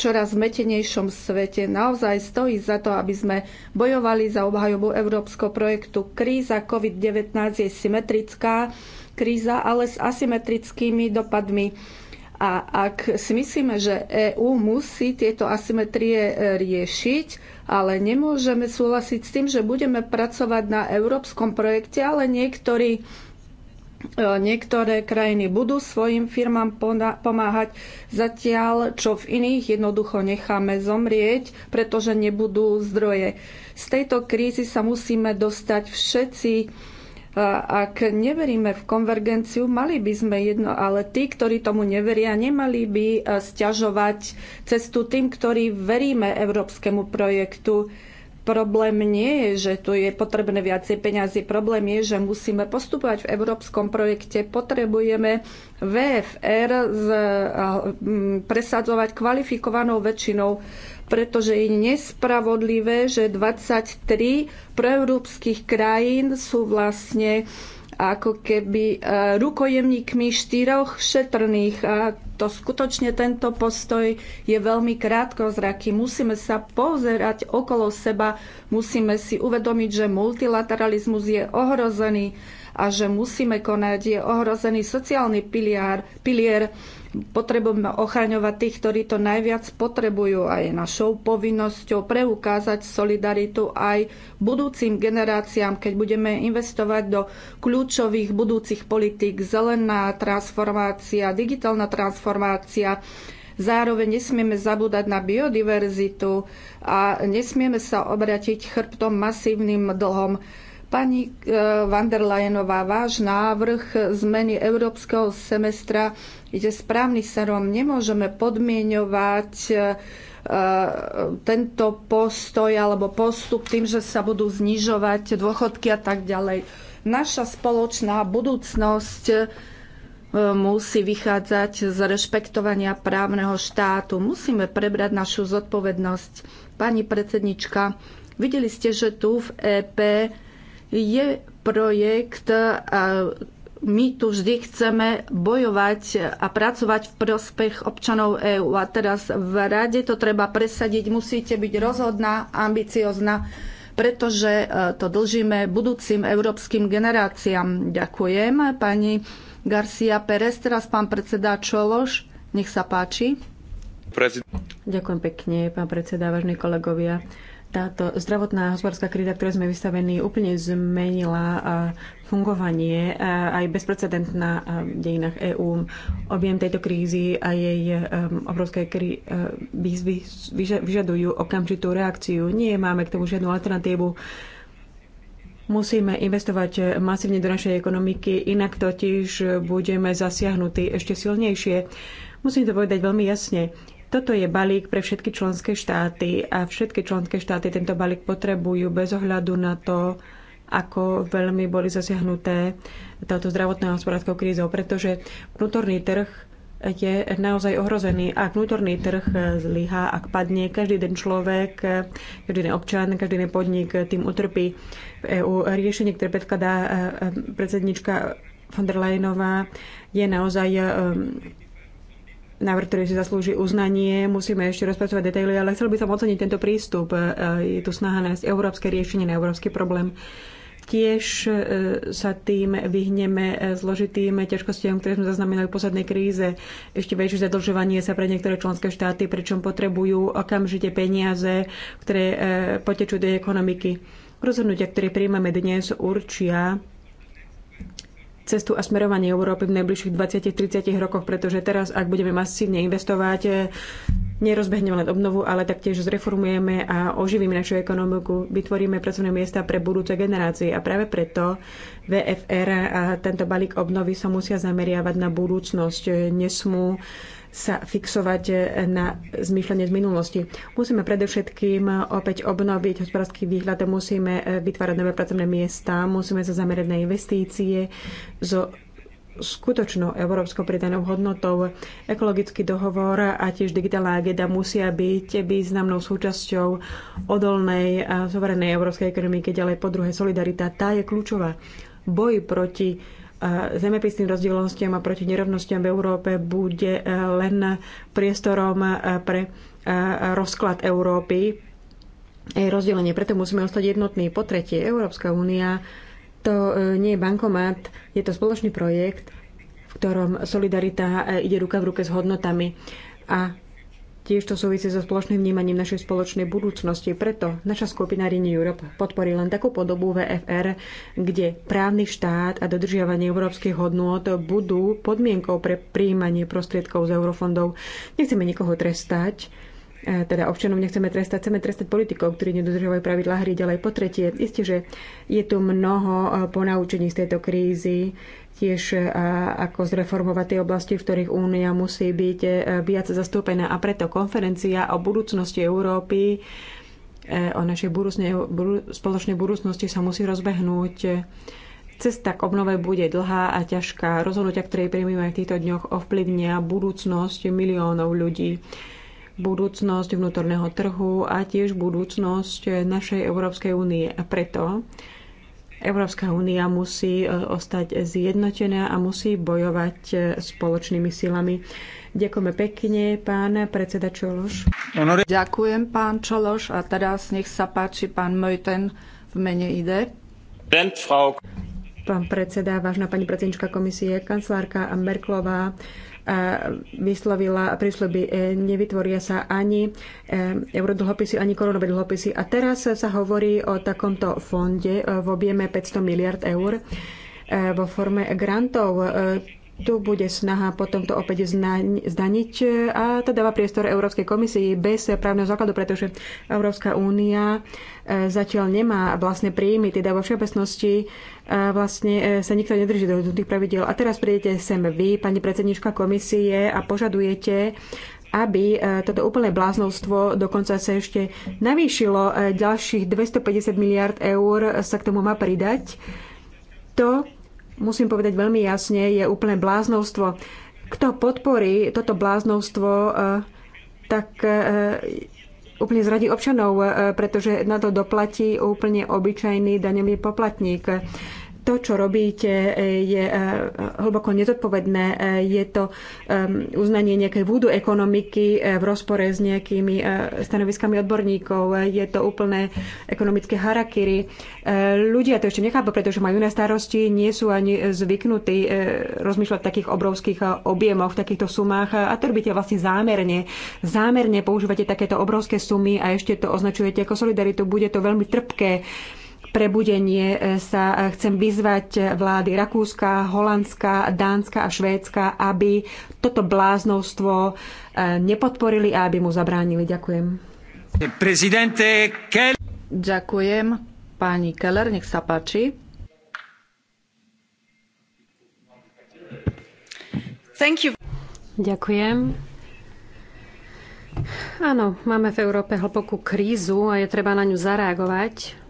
čoraz metenejšom svete naozaj stojí za to, aby sme bojovali za obhajobu európskeho projektu. Kríza COVID-19 je symetrická kríza, ale s asymetrickými dopadmi a ak si myslíme, že EÚ musí tieto asymetrie e, riešiť, ale nemôžeme súhlasiť s tým, že budeme pracovať na európskom projekte, ale niektorí e, Niektoré krajiny budú svojim firmám pomáhať zatiaľ, čo v iných jednoducho necháme zomrieť, pretože nebudú zdroje. Z tejto krízy sa musíme dostať všetci ak neveríme v konvergenciu, mali by sme jedno, ale tí, ktorí tomu neveria, nemali by e, stiažovať cestu tým, ktorí veríme európskemu projektu. Problém nie je, že tu je potrebné viacej peňazí. Problém je, že musíme postupovať v európskom projekte. Potrebujeme VFR z, presadzovať kvalifikovanou väčšinou pretože je nespravodlivé, že 23 proeurópskych krajín sú vlastne ako keby e, rukojemníkmi štyroch šetrných. A to skutočne tento postoj je veľmi krátkozraký. Musíme sa pozerať okolo seba, musíme si uvedomiť, že multilateralizmus je ohrozený a že musíme konať. Je ohrozený sociálny pilier, pilier potrebujeme ochraňovať tých, ktorí to najviac potrebujú a je našou povinnosťou preukázať solidaritu aj budúcim generáciám, keď budeme investovať do kľúčových budúcich politík, zelená transformácia, digitálna transformácia, Zároveň nesmieme zabúdať na biodiverzitu a nesmieme sa obratiť chrbtom masívnym dlhom. Pani eh, van der Leyenová, váš návrh zmeny európskeho semestra ide správny serom. Nemôžeme podmienovať eh, tento postoj alebo postup tým, že sa budú znižovať dôchodky a tak ďalej. Naša spoločná budúcnosť eh, musí vychádzať z rešpektovania právneho štátu. Musíme prebrať našu zodpovednosť. Pani predsednička, videli ste, že tu v EP je projekt a my tu vždy chceme bojovať a pracovať v prospech občanov EÚ. A teraz v rade to treba presadiť. Musíte byť rozhodná, ambiciozná, pretože e, to dlžíme budúcim európskym generáciám. Ďakujem. Pani Garcia Pérez, teraz pán predseda Čološ. Nech sa páči. Prezident. Ďakujem pekne, pán predseda, vážne kolegovia táto zdravotná a hospodárska kríza, ktoré sme vystavení, úplne zmenila fungovanie aj bezprecedentná v dejinách EÚ. Objem tejto krízy a jej e, obrovské krí- e, výzvy vyžadujú okamžitú reakciu. Nie máme k tomu žiadnu alternatívu. Musíme investovať masívne do našej ekonomiky, inak totiž budeme zasiahnutí ešte silnejšie. Musím to povedať veľmi jasne. Toto je balík pre všetky členské štáty a všetky členské štáty tento balík potrebujú bez ohľadu na to, ako veľmi boli zasiahnuté touto zdravotná hospodárskou krízou, pretože vnútorný trh je naozaj ohrozený. Ak vnútorný trh zlyhá, ak padne, každý den človek, každý den občan, každý den podnik tým utrpí v EÚ. Riešenie, ktoré predkladá eh, eh, predsednička von der Leyenová, je naozaj eh, návrh, ktorý si zaslúži uznanie. Musíme ešte rozpracovať detaily, ale chcel by som oceniť tento prístup. E, je tu snaha nájsť európske riešenie na európsky problém. Tiež e, sa tým vyhneme e, zložitým ťažkostiam, ktoré sme zaznamenali v poslednej kríze. Ešte väčšie zadlžovanie sa pre niektoré členské štáty, pričom potrebujú okamžite peniaze, ktoré potečú do ekonomiky. Rozhodnutia, ktoré príjmame dnes, určia cestu a smerovanie Európy v najbližších 20-30 rokoch, pretože teraz, ak budeme masívne investovať, e, nerozbehneme len obnovu, ale taktiež zreformujeme a oživíme našu ekonomiku, vytvoríme pracovné miesta pre budúce generácie a práve preto VFR a tento balík obnovy sa musia zameriavať na budúcnosť. E, nesmú sa fixovať na zmýšľanie z minulosti. Musíme predovšetkým opäť obnoviť hospodársky výhľad, musíme vytvárať nové pracovné miesta, musíme sa zamerať na investície zo skutočnou európskou pridanou hodnotou. Ekologický dohovor a tiež digitálna agenda musia byť významnou súčasťou odolnej a zoverenej európskej ekonomiky. Ďalej po druhé, solidarita, tá je kľúčová. Boj proti zemepisným rozdielnostiam a proti nerovnostiam v Európe bude eh, len priestorom eh, pre eh, rozklad Európy jej rozdelenie. Preto musíme ostať jednotní. Po tretie, Európska únia to nie je bankomat, je to spoločný projekt, v ktorom solidarita ide ruka v ruke s hodnotami. A Tiež to súvisí so spoločným vnímaním našej spoločnej budúcnosti. Preto naša skupina Rini Europe podporí len takú podobu VFR, kde právny štát a dodržiavanie európskych hodnôt budú podmienkou pre príjmanie prostriedkov z eurofondov. Nechceme nikoho trestať, E, teda občanov nechceme trestať, chceme trestať politikov, ktorí nedodržiavajú pravidlá hry ďalej. Po tretie, isté, že je tu mnoho e, ponaučení z tejto krízy, tiež e, ako zreformovať tie oblasti, v ktorých Únia musí byť viac zastúpená. A preto konferencia o budúcnosti Európy, o našej budúcnej, spoločnej budúcnosti sa musí rozbehnúť. Cesta k obnove bude dlhá a ťažká. Rozhodnutia, ktoré príjmeme v týchto dňoch, ovplyvnia budúcnosť miliónov ľudí budúcnosť vnútorného trhu a tiež budúcnosť našej Európskej únie. A preto Európska únia musí e, ostať zjednotená a musí bojovať e, spoločnými silami. Ďakujeme pekne, pán predseda Čološ. Ďakujem, pán Čološ. A teraz nech sa páči pán Mojten v mene ide. Pán predseda, vážna pani predsednička komisie, kancelárka Merklová vyslovila prísľuby. E, nevytvoria sa ani e, eurodlhopisy, ani korunové dlhopisy. A teraz sa hovorí o takomto fonde e, v objeme 500 miliard eur vo forme grantov tu bude snaha potom to opäť zdaniť a to dáva priestor Európskej komisii bez právneho základu, pretože Európska únia e, zatiaľ nemá vlastné príjmy, teda vo všeobecnosti e, vlastne e, sa nikto nedrží do tých pravidel. A teraz prídete sem vy, pani predsednička komisie, a požadujete, aby toto úplné bláznostvo dokonca sa ešte navýšilo. Ďalších 250 miliard eur sa k tomu má pridať. To musím povedať veľmi jasne, je úplné bláznovstvo. Kto podporí toto bláznovstvo, e, tak e, úplne zradí občanov, e, pretože na to doplatí úplne obyčajný daňový poplatník to, čo robíte, je eh, hlboko nezodpovedné. Eh, je to eh, uznanie nejakej vúdu ekonomiky v rozpore s nejakými stanoviskami odborníkov. Je to úplné ekonomické harakiri. Ľudia to ešte nechápu, pretože majú na starosti, nie sú ani zvyknutí rozmýšľať v takých obrovských objemoch, v takýchto sumách. A to robíte vlastne zámerne. Zámerne používate takéto obrovské sumy a ešte to označujete ako solidaritu. Bude to veľmi trpké prebudenie e, sa e, chcem vyzvať vlády Rakúska, Holandska, Dánska a Švédska, aby toto bláznovstvo e, nepodporili a aby mu zabránili. Ďakujem. Ďakujem. Pani Keller, nech sa páči. Ďakujem. Áno, máme v Európe hlbokú krízu a je treba na ňu zareagovať.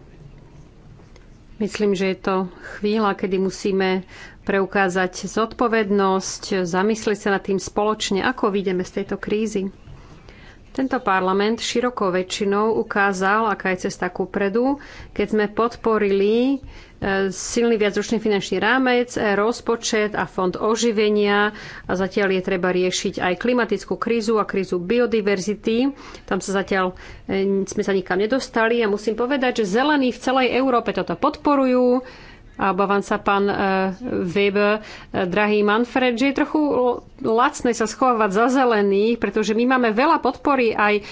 Myslím, že je to chvíľa, kedy musíme preukázať zodpovednosť, zamyslieť sa nad tým spoločne, ako vyjdeme z tejto krízy. Tento parlament širokou väčšinou ukázal, aká je cesta ku predu, keď sme podporili e, silný viacročný finančný rámec, e, rozpočet a fond oživenia a zatiaľ je treba riešiť aj klimatickú krízu a krízu biodiverzity. Tam sa zatiaľ e, sme sa nikam nedostali a musím povedať, že zelení v celej Európe toto podporujú a obávam sa, pán eh, Weber, eh, drahý Manfred, že je trochu lacné sa schovávať za zelených, pretože my máme veľa podpory aj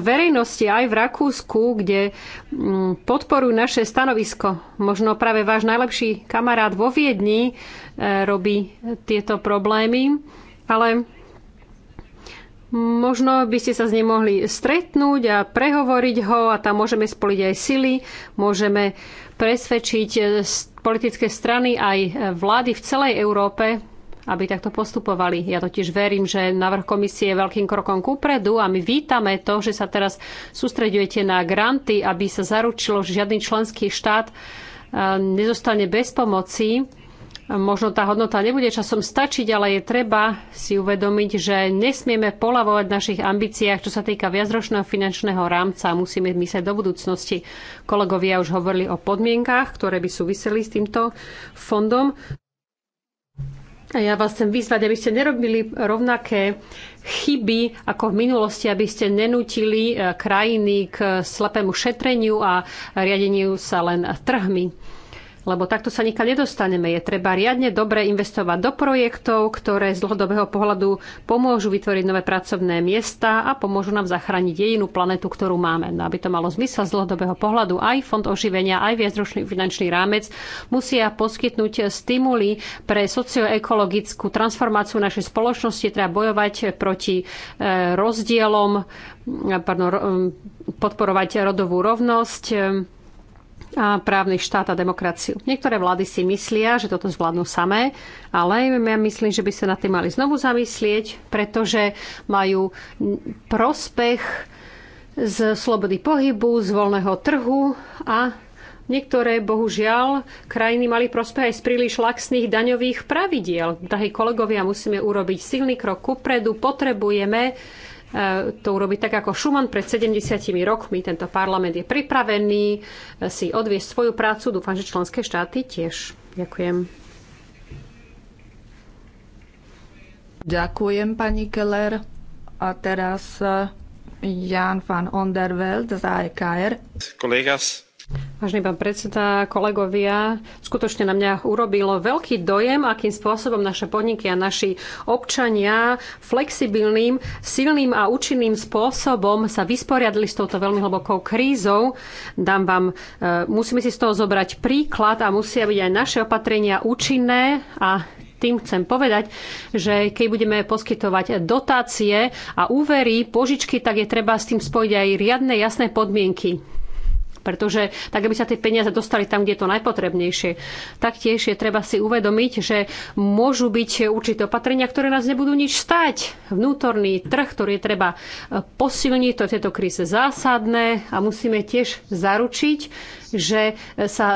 verejnosti, aj v Rakúsku, kde mm, podporujú naše stanovisko. Možno práve váš najlepší kamarát vo Viedni eh, robí tieto problémy, ale Možno by ste sa s ním mohli stretnúť a prehovoriť ho a tam môžeme spoliť aj sily, môžeme presvedčiť politické strany aj e, vlády v celej Európe, aby takto postupovali. Ja totiž verím, že návrh komisie je veľkým krokom kúpredu a my vítame to, že sa teraz sústredujete na granty, aby sa zaručilo, že žiadny členský štát e, nezostane bez pomoci Možno tá hodnota nebude časom stačiť, ale je treba si uvedomiť, že nesmieme polavovať v našich ambíciách, čo sa týka viacročného finančného rámca. Musíme myslieť do budúcnosti. Kolegovia už hovorili o podmienkách, ktoré by súviseli s týmto fondom. A ja vás chcem vyzvať, aby ste nerobili rovnaké chyby ako v minulosti, aby ste nenútili eh, krajiny k slepému šetreniu a riadeniu sa len trhmi lebo takto sa nikam nedostaneme. Je treba riadne dobre investovať do projektov, ktoré z dlhodobého pohľadu pomôžu vytvoriť nové pracovné miesta a pomôžu nám zachrániť jedinú planetu, ktorú máme. No, aby to malo zmysel z dlhodobého pohľadu, aj fond oživenia, aj viacročný finančný rámec musia poskytnúť stimuly pre socioekologickú transformáciu našej spoločnosti. Treba bojovať proti e, rozdielom, pardon, podporovať rodovú rovnosť, a právny štát a demokraciu. Niektoré vlády si myslia, že toto zvládnu samé, ale ja myslím, že by sa nad tým mali znovu zamyslieť, pretože majú prospech z slobody pohybu, z voľného trhu a Niektoré, bohužiaľ, krajiny mali prospech aj z príliš laxných daňových pravidiel. Drahí kolegovia, musíme urobiť silný krok kupredu. Potrebujeme Eh, to urobiť tak ako Schumann pred 70 rokmi. Tento parlament je pripravený eh, si odviesť svoju prácu. Dúfam, že členské štáty tiež. Ďakujem. Ďakujem, pani Keller. A teraz eh, Jan van Onderveld za EKR. Kolegas, Vážený pán predseda, kolegovia, skutočne na mňa urobilo veľký dojem, akým spôsobom naše podniky a naši občania flexibilným, silným a účinným spôsobom sa vysporiadli s touto veľmi hlbokou krízou. Dám vám, e, musíme si z toho zobrať príklad a musia byť aj naše opatrenia účinné a tým chcem povedať, že keď budeme poskytovať dotácie a úvery, požičky, tak je treba s tým spojiť aj riadne jasné podmienky pretože tak, aby sa tie peniaze dostali tam, kde je to najpotrebnejšie. Taktiež je treba si uvedomiť, že môžu byť určité opatrenia, ktoré nás nebudú nič stať. Vnútorný trh, ktorý je treba posilniť, to je v tejto kríze zásadné a musíme tiež zaručiť, že sa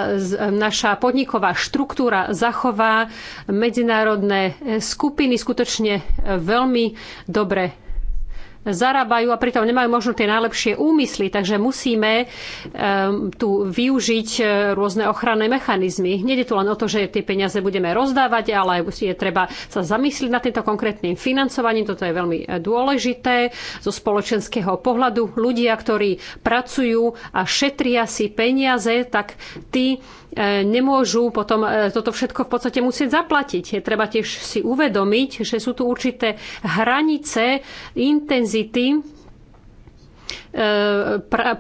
naša podniková štruktúra zachová. Medzinárodné skupiny skutočne veľmi dobre zarábajú a pritom nemajú možno tie najlepšie úmysly, takže musíme um, tu využiť e, rôzne ochranné mechanizmy. Nede tu len o to, že tie peniaze budeme rozdávať, ale je treba sa zamyslieť nad týmto konkrétnym financovaním. Toto je veľmi e, dôležité zo spoločenského pohľadu. Ľudia, ktorí pracujú a šetria si peniaze, tak tí E, nemôžu potom e, toto všetko v podstate musieť zaplatiť. Treba tiež si uvedomiť, že sú tu určité hranice intenzity e,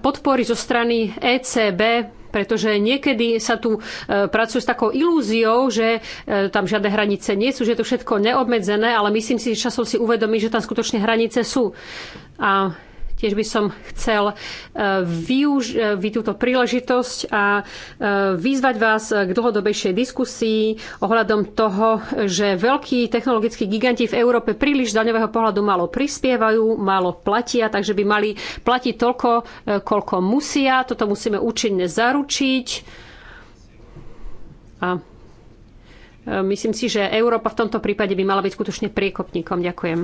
podpory zo strany ECB pretože niekedy sa tu pracuje s takou ilúziou, že tam žiadne hranice nie sú, že je to všetko neobmedzené, ale myslím si, že časom si uvedomí, že tam skutočne hranice sú. A Tiež by som chcel e, využiť e, túto príležitosť a e, vyzvať vás k dlhodobejšej diskusii ohľadom toho, že veľkí technologickí giganti v Európe príliš daňového pohľadu malo prispievajú, malo platia, takže by mali platiť toľko, koľko musia. Toto musíme účinne zaručiť. A Myslím si, že Európa v tomto prípade by mala byť skutočne priekopníkom. Ďakujem.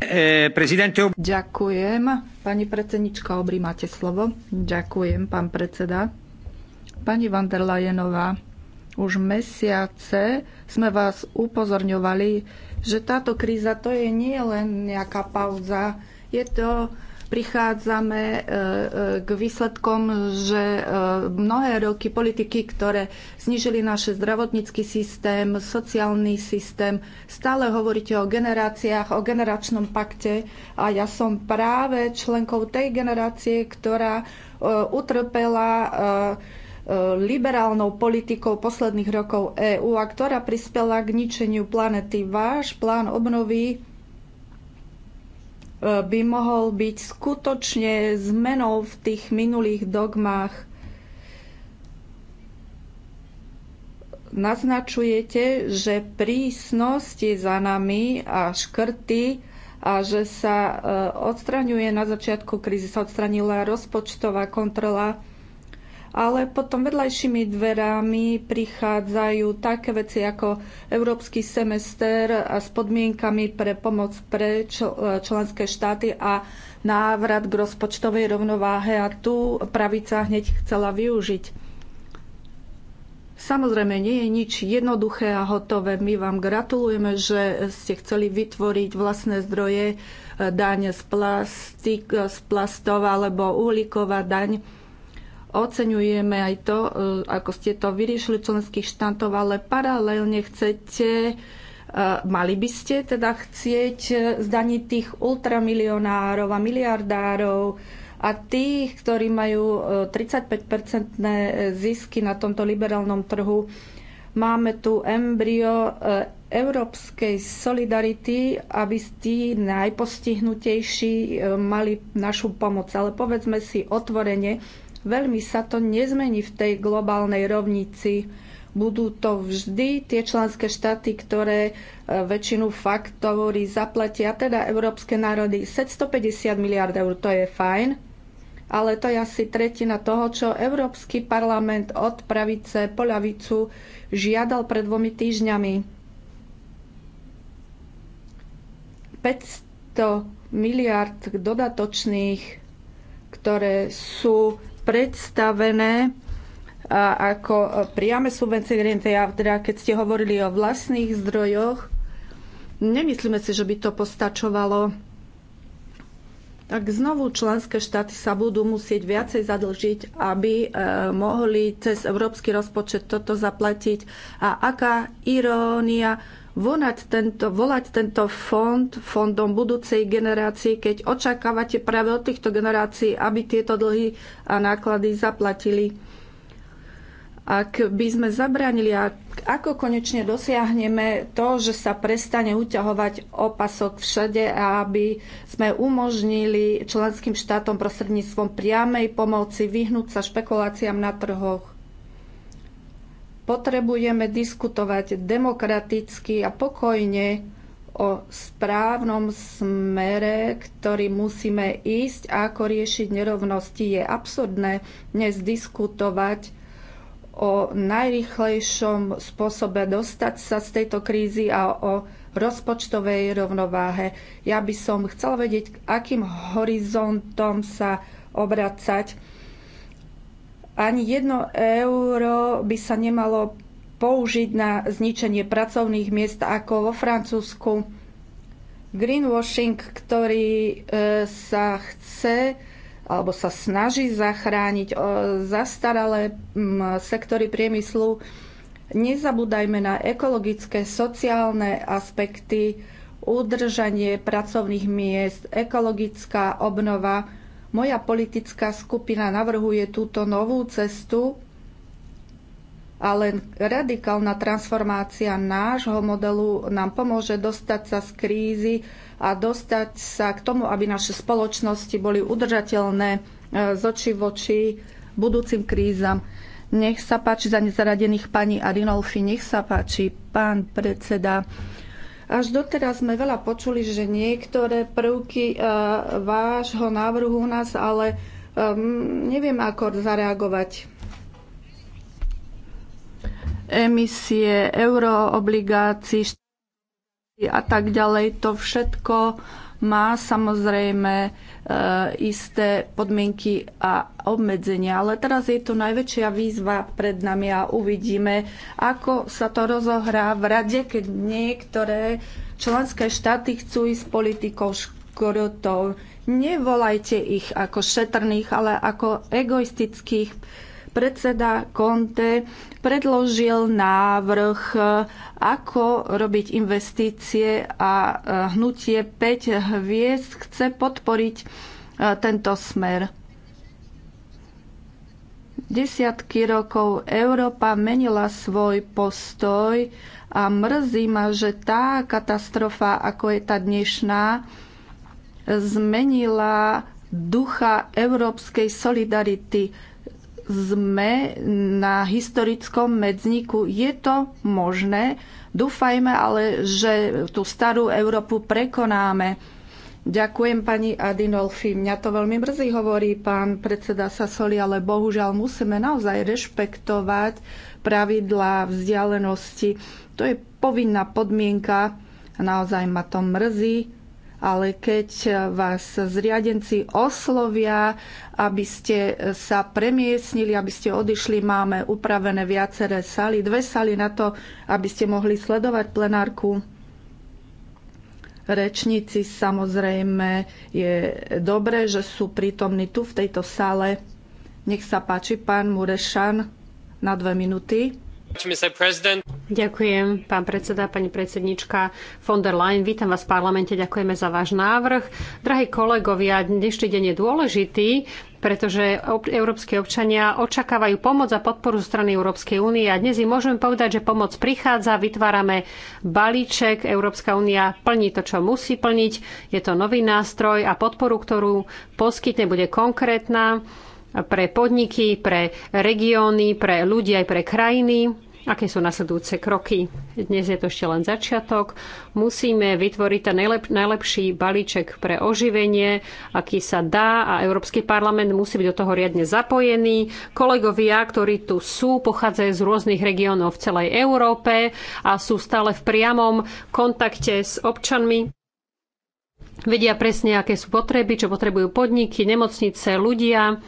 E, prezidente... Ďakujem. Pani predsednička obri máte slovo. Ďakujem, pán predseda. Pani van der Leyenová, už mesiace sme vás upozorňovali, že táto kríza to je nie len nejaká pauza, je to prichádzame e, e, k výsledkom, že e, mnohé roky politiky, ktoré znižili náš zdravotnícky systém, sociálny systém, stále hovoríte o generáciách, o generačnom pakte a ja som práve členkou tej generácie, ktorá utrpela liberálnou politikou posledných rokov EÚ a ktorá prispela k ničeniu planety. Váš plán obnovy by mohol byť skutočne zmenou v tých minulých dogmách. Naznačujete, že prísnosť je za nami a škrty a že sa e, odstraňuje na začiatku krízy sa odstranila rozpočtová kontrola ale potom vedľajšími dverami prichádzajú také veci ako Európsky semester s podmienkami pre pomoc pre členské štáty a návrat k rozpočtovej rovnováhe a tu pravica hneď chcela využiť. Samozrejme, nie je nič jednoduché a hotové. My vám gratulujeme, že ste chceli vytvoriť vlastné zdroje, daň z, plastik, z plastov alebo uhlíková daň Oceňujeme aj to, e, ako ste to vyriešili členských štátov, ale paralelne chcete, e, mali by ste teda chcieť e, zdaniť tých ultramilionárov a miliardárov a tých, ktorí majú 35-percentné zisky na tomto liberálnom trhu. Máme tu embryo európskej solidarity, aby tí najpostihnutejší mali našu pomoc. Ale povedzme si otvorene, Veľmi sa to nezmení v tej globálnej rovnici. Budú to vždy tie členské štáty, ktoré e, väčšinu faktorí zaplatia, teda európske národy. 750 miliard eur, to je fajn, ale to je asi tretina toho, čo Európsky parlament od pravice po ľavicu žiadal pred dvomi týždňami. 500 miliard dodatočných, ktoré sú predstavené ako priame subvencie Ja teda, keď ste hovorili o vlastných zdrojoch, nemyslíme si, že by to postačovalo. Tak znovu členské štáty sa budú musieť viacej zadlžiť, aby e, mohli cez európsky rozpočet toto zaplatiť. A aká irónia, volať tento, volať tento fond fondom budúcej generácie, keď očakávate práve od týchto generácií, aby tieto dlhy a náklady zaplatili. Ak by sme zabránili a ako konečne dosiahneme to, že sa prestane uťahovať opasok všade a aby sme umožnili členským štátom prostredníctvom priamej pomoci vyhnúť sa špekuláciám na trhoch Potrebujeme diskutovať demokraticky a pokojne o správnom smere, ktorý musíme ísť a ako riešiť nerovnosti. Je absurdné dnes diskutovať o najrychlejšom spôsobe dostať sa z tejto krízy a o rozpočtovej rovnováhe. Ja by som chcela vedieť, akým horizontom sa obracať ani jedno euro by sa nemalo použiť na zničenie pracovných miest ako vo Francúzsku. Greenwashing, ktorý e, sa chce alebo sa snaží zachrániť e, zastaralé sektory priemyslu, Nezabúdajme na ekologické, sociálne aspekty, udržanie pracovných miest, ekologická obnova moja politická skupina navrhuje túto novú cestu a len radikálna transformácia nášho modelu nám pomôže dostať sa z krízy a dostať sa k tomu, aby naše spoločnosti boli udržateľné e, z oči v oči budúcim krízam. Nech sa páči za nezaradených pani Arinolfi, nech sa páči pán predseda. Až doteraz sme veľa počuli, že niektoré prvky e, vášho návrhu u nás, ale e, neviem, ako zareagovať. Emisie euroobligácií a tak ďalej. To všetko má samozrejme e, isté podmienky a obmedzenia. Ale teraz je tu najväčšia výzva pred nami a uvidíme, ako sa to rozohrá v rade, keď niektoré členské štáty chcú ísť politikou škrotov. Nevolajte ich ako šetrných, ale ako egoistických Predseda Conte predložil návrh, ako robiť investície a e, hnutie 5 hviezd chce podporiť e, tento smer. Desiatky rokov Európa menila svoj postoj a mrzí ma, že tá katastrofa, ako je tá dnešná, zmenila ducha európskej solidarity sme na historickom medzniku. Je to možné, dúfajme ale, že tú starú Európu prekonáme. Ďakujem pani Adinolfi. Mňa to veľmi mrzí, hovorí pán predseda Sasoli, ale bohužiaľ musíme naozaj rešpektovať pravidlá vzdialenosti. To je povinná podmienka. Naozaj ma to mrzí, ale keď vás zriadenci oslovia, aby ste sa premiesnili, aby ste odišli, máme upravené viaceré sály, dve sály na to, aby ste mohli sledovať plenárku. Rečníci samozrejme je dobré, že sú prítomní tu v tejto sále. Nech sa páči, pán Murešan, na dve minúty. Ďakujem, pán predseda, pani predsednička von der Leyen. Vítam vás v parlamente, ďakujeme za váš návrh. Drahí kolegovia, dnešný deň je dôležitý, pretože európske občania očakávajú pomoc a podporu strany Európskej únie. A dnes im môžeme povedať, že pomoc prichádza, vytvárame balíček, Európska únia plní to, čo musí plniť. Je to nový nástroj a podporu, ktorú poskytne, bude konkrétna pre podniky, pre regióny, pre ľudí aj pre krajiny Aké sú nasledujúce kroky? Dnes je to ešte len začiatok. Musíme vytvoriť ten najlep- najlepší balíček pre oživenie, aký sa dá a Európsky parlament musí byť do toho riadne zapojený. Kolegovia, ktorí tu sú, pochádzajú z rôznych regiónov v celej Európe a sú stále v priamom kontakte s občanmi. Vedia presne, aké sú potreby, čo potrebujú podniky, nemocnice, ľudia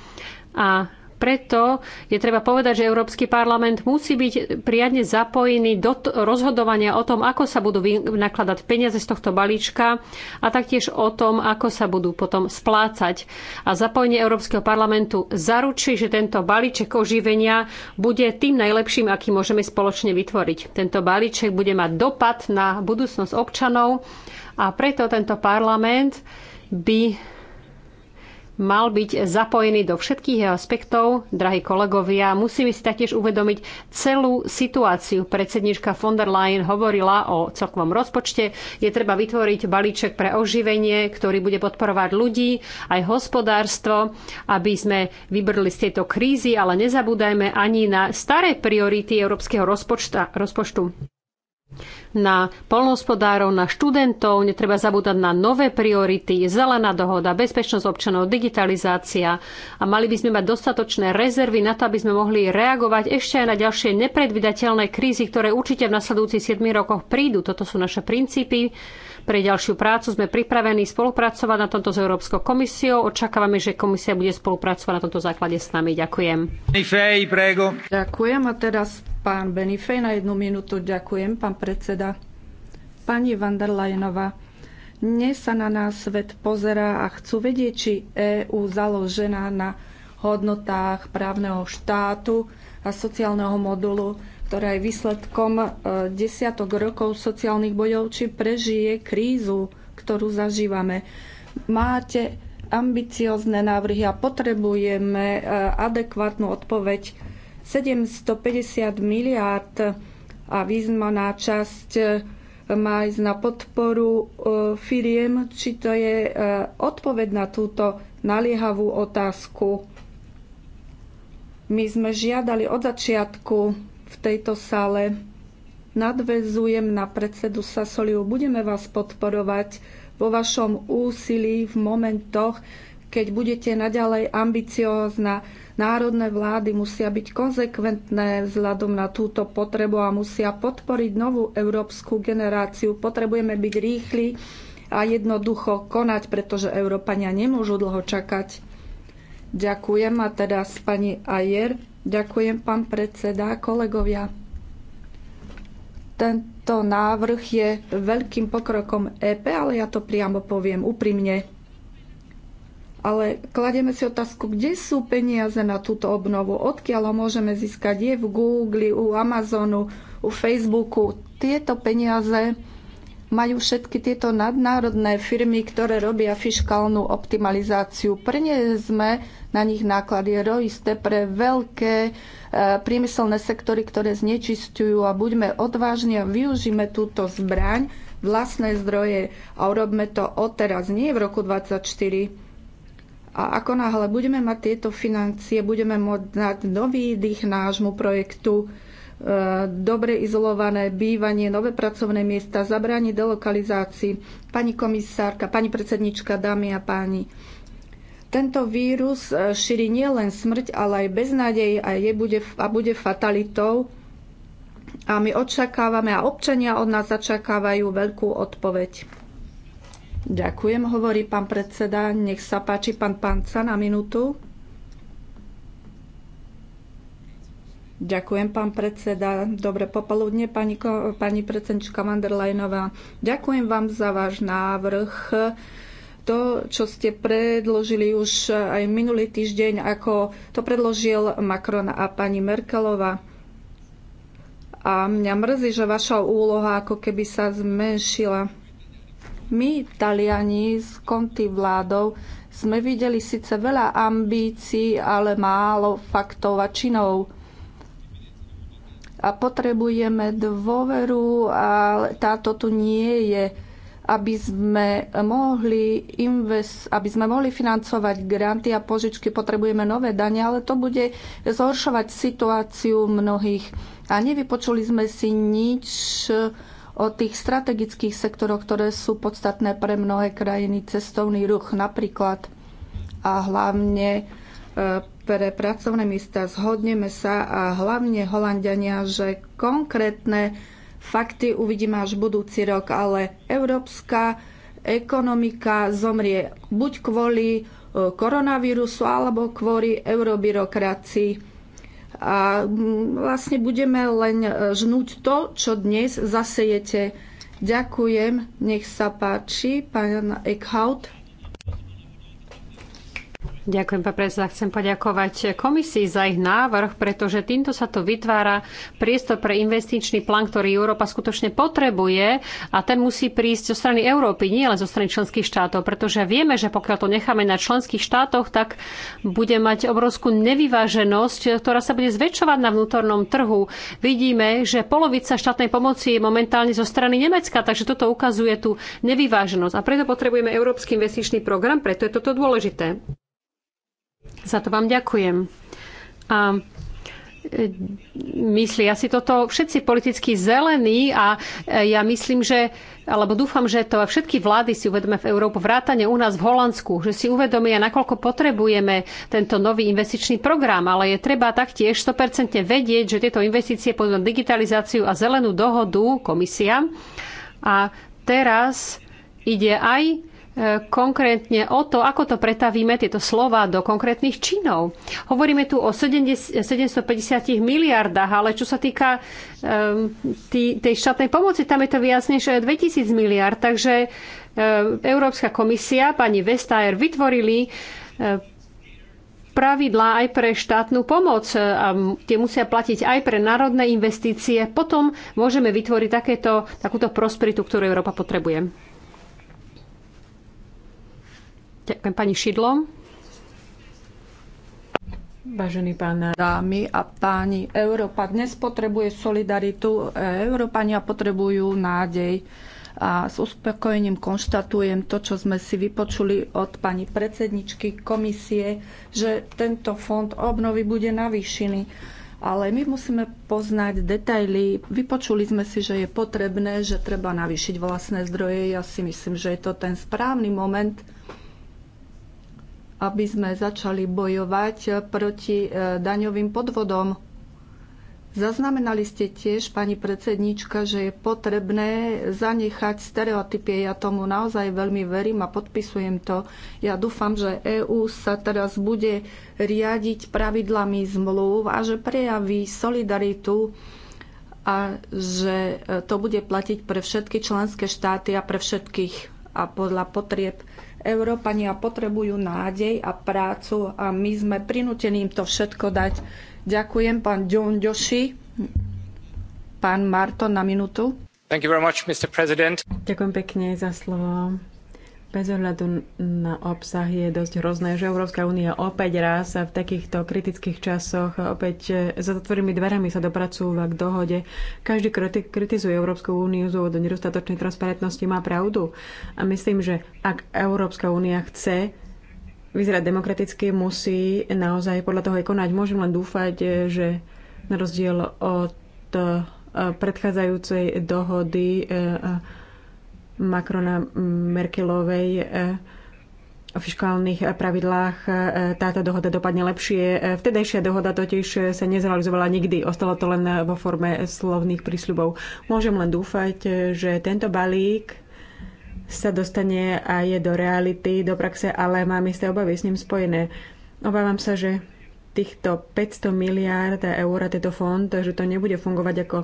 a preto je treba povedať, že Európsky parlament musí byť priadne zapojený do rozhodovania o tom, ako sa budú nakladať peniaze z tohto balíčka a taktiež o tom, ako sa budú potom splácať. A zapojenie Európskeho parlamentu zaručí, že tento balíček oživenia bude tým najlepším, aký môžeme spoločne vytvoriť. Tento balíček bude mať dopad na budúcnosť občanov a preto tento parlament by mal byť zapojený do všetkých aspektov. Drahí kolegovia, musíme si taktiež uvedomiť celú situáciu. Predsednička von der Leyen hovorila o celkovom rozpočte. Je treba vytvoriť balíček pre oživenie, ktorý bude podporovať ľudí, aj hospodárstvo, aby sme vybrali z tejto krízy, ale nezabúdajme ani na staré priority európskeho rozpočta, rozpočtu na polnospodárov, na študentov, netreba zabúdať na nové priority, zelená dohoda, bezpečnosť občanov, digitalizácia a mali by sme mať dostatočné rezervy na to, aby sme mohli reagovať ešte aj na ďalšie nepredvydateľné krízy, ktoré určite v nasledujúcich 7 rokoch prídu. Toto sú naše princípy, pre ďalšiu prácu sme pripravení spolupracovať na tomto s Európskou komisiou. Očakávame, že komisia bude spolupracovať na tomto základe s nami. Ďakujem. Benifej, prego. Ďakujem a teraz pán Benifej na jednu minútu. Ďakujem, pán predseda. Pani van der Leyenová, dnes sa na nás svet pozerá a chcú vedieť, či EÚ založená na hodnotách právneho štátu a sociálneho modulu ktorá je výsledkom e, desiatok rokov sociálnych bojov, či prežije krízu, ktorú zažívame. Máte ambiciozne návrhy a potrebujeme e, adekvátnu odpoveď. 750 miliárd a významná časť e, má ísť na podporu firiem, či to je odpoveď na túto naliehavú otázku. My sme žiadali od začiatku v tejto sále. Nadvezujem na predsedu Sasoliu. Budeme vás podporovať vo vašom úsilí v momentoch, keď budete naďalej ambiciózna. Národné vlády musia byť konzekventné vzhľadom na túto potrebu a musia podporiť novú európsku generáciu. Potrebujeme byť rýchli a jednoducho konať, pretože Európania nemôžu dlho čakať. Ďakujem a teraz pani Ajer. Ďakujem, pán predseda, kolegovia. Tento návrh je veľkým pokrokom EP, ale ja to priamo poviem úprimne. Ale kladieme si otázku, kde sú peniaze na túto obnovu, odkiaľ ho môžeme získať. Je v Google, u Amazonu, u Facebooku. Tieto peniaze majú všetky tieto nadnárodné firmy, ktoré robia fiškálnu optimalizáciu. sme na nich náklady roisté pre veľké e, priemyselné sektory, ktoré znečistujú a buďme odvážni a využíme túto zbraň, vlastné zdroje a urobme to odteraz, nie v roku 2024. A ako náhle budeme mať tieto financie, budeme môcť dať nový dých nášmu projektu E, dobre izolované bývanie, nové pracovné miesta, zabrániť delokalizácii. Pani komisárka, pani predsednička, dámy a páni, tento vírus e, šíri nielen smrť, ale aj beznádej a, je bude, a bude fatalitou. A my očakávame a občania od nás očakávajú veľkú odpoveď. Ďakujem, hovorí pán predseda. Nech sa páči pán Panca na minútu. Ďakujem, pán predseda. Dobre popoludne, pani, pani predsednička Vanderlejnová. Ďakujem vám za váš návrh. To, čo ste predložili už aj minulý týždeň, ako to predložil Macron a pani Merkelová. A mňa mrzí, že vaša úloha ako keby sa zmenšila. My, Taliani, s konty vládou sme videli síce veľa ambícií, ale málo faktov a činov a potrebujeme dôveru a táto tu nie je, aby sme mohli, invest, aby sme mohli financovať granty a požičky, potrebujeme nové dane, ale to bude zhoršovať situáciu mnohých. A nevypočuli sme si nič o tých strategických sektoroch, ktoré sú podstatné pre mnohé krajiny, cestovný ruch napríklad a hlavne e, pre pracovné místa. Zhodneme sa a hlavne Holandiania, že konkrétne fakty uvidíme až budúci rok, ale európska ekonomika zomrie buď kvôli e, koronavírusu alebo kvôli eurobyrokracii. A mm, vlastne budeme len e, žnúť to, čo dnes zasejete. Ďakujem, nech sa páči, pán Eckhout. Ďakujem, pán predseda. Chcem poďakovať komisii za ich návrh, pretože týmto sa to vytvára priestor pre investičný plán, ktorý Európa skutočne potrebuje a ten musí prísť zo strany Európy, nie len zo strany členských štátov, pretože vieme, že pokiaľ to necháme na členských štátoch, tak bude mať obrovskú nevyváženosť, ktorá sa bude zväčšovať na vnútornom trhu. Vidíme, že polovica štátnej pomoci je momentálne zo strany Nemecka, takže toto ukazuje tú nevyváženosť. A preto potrebujeme Európsky investičný program, preto je toto dôležité. Za to vám ďakujem. A e, myslí si toto všetci politicky zelení a e, ja myslím, že, alebo dúfam, že to všetky vlády si uvedomia v Európu, vrátane u nás v Holandsku, že si uvedomia, nakoľko potrebujeme tento nový investičný program, ale je treba taktiež 100% vedieť, že tieto investície pôjdu na digitalizáciu a zelenú dohodu komisia a teraz ide aj E, konkrétne o to, ako to pretavíme tieto slova do konkrétnych činov. Hovoríme tu o 70, 750 miliardách, ale čo sa týka tý, tej štátnej pomoci, tam je to viac než 2000 miliard, takže e, Európska komisia, pani Vestager vytvorili e, pravidlá aj pre štátnu pomoc a tie musia platiť aj pre národné investície. Potom môžeme vytvoriť takéto, takúto prosperitu, ktorú Európa potrebuje. Ďakujem pani Šidlo. Vážený pán dámy a páni, Európa dnes potrebuje solidaritu, Európania potrebujú nádej a s uspokojením konštatujem to, čo sme si vypočuli od pani predsedničky komisie, že tento fond obnovy bude navýšený. Ale my musíme poznať detaily. Vypočuli sme si, že je potrebné, že treba navýšiť vlastné zdroje. Ja si myslím, že je to ten správny moment, aby sme začali bojovať eh, proti eh, daňovým podvodom. Zaznamenali ste tiež, pani predsednička, že je potrebné zanechať stereotypie. Ja tomu naozaj veľmi verím a podpisujem to. Ja dúfam, že EÚ sa teraz bude riadiť pravidlami zmluv a že prejaví solidaritu a že eh, to bude platiť pre všetky členské štáty a pre všetkých a podľa potrieb Európania potrebujú nádej a prácu a my sme prinútení im to všetko dať. Ďakujem pán John Joshi. Pán Marto na minútu. Much, Ďakujem pekne za slovo. Bez ohľadu na obsah je dosť hrozné, že Európska únia opäť raz v takýchto kritických časoch opäť eh, za zatvorenými dverami sa dopracúva k dohode. Každý kritizuje Európsku úniu z dôvodu nedostatočnej transparentnosti, má pravdu. A myslím, že ak Európska únia chce vyzerať demokraticky, musí naozaj podľa toho aj konať. Môžem len dúfať, eh, že na rozdiel od eh, predchádzajúcej dohody Macrona Merkelovej eh, o fiskálnych eh, pravidlách eh, táto dohoda dopadne lepšie. Vtedajšia dohoda totiž sa nezrealizovala nikdy. Ostalo to len vo forme slovných prísľubov. Môžem len dúfať, že tento balík sa dostane a je do reality, do praxe, ale mám isté obavy s ním spojené. Obávam sa, že týchto 500 miliárd eur a tento fond, že to nebude fungovať ako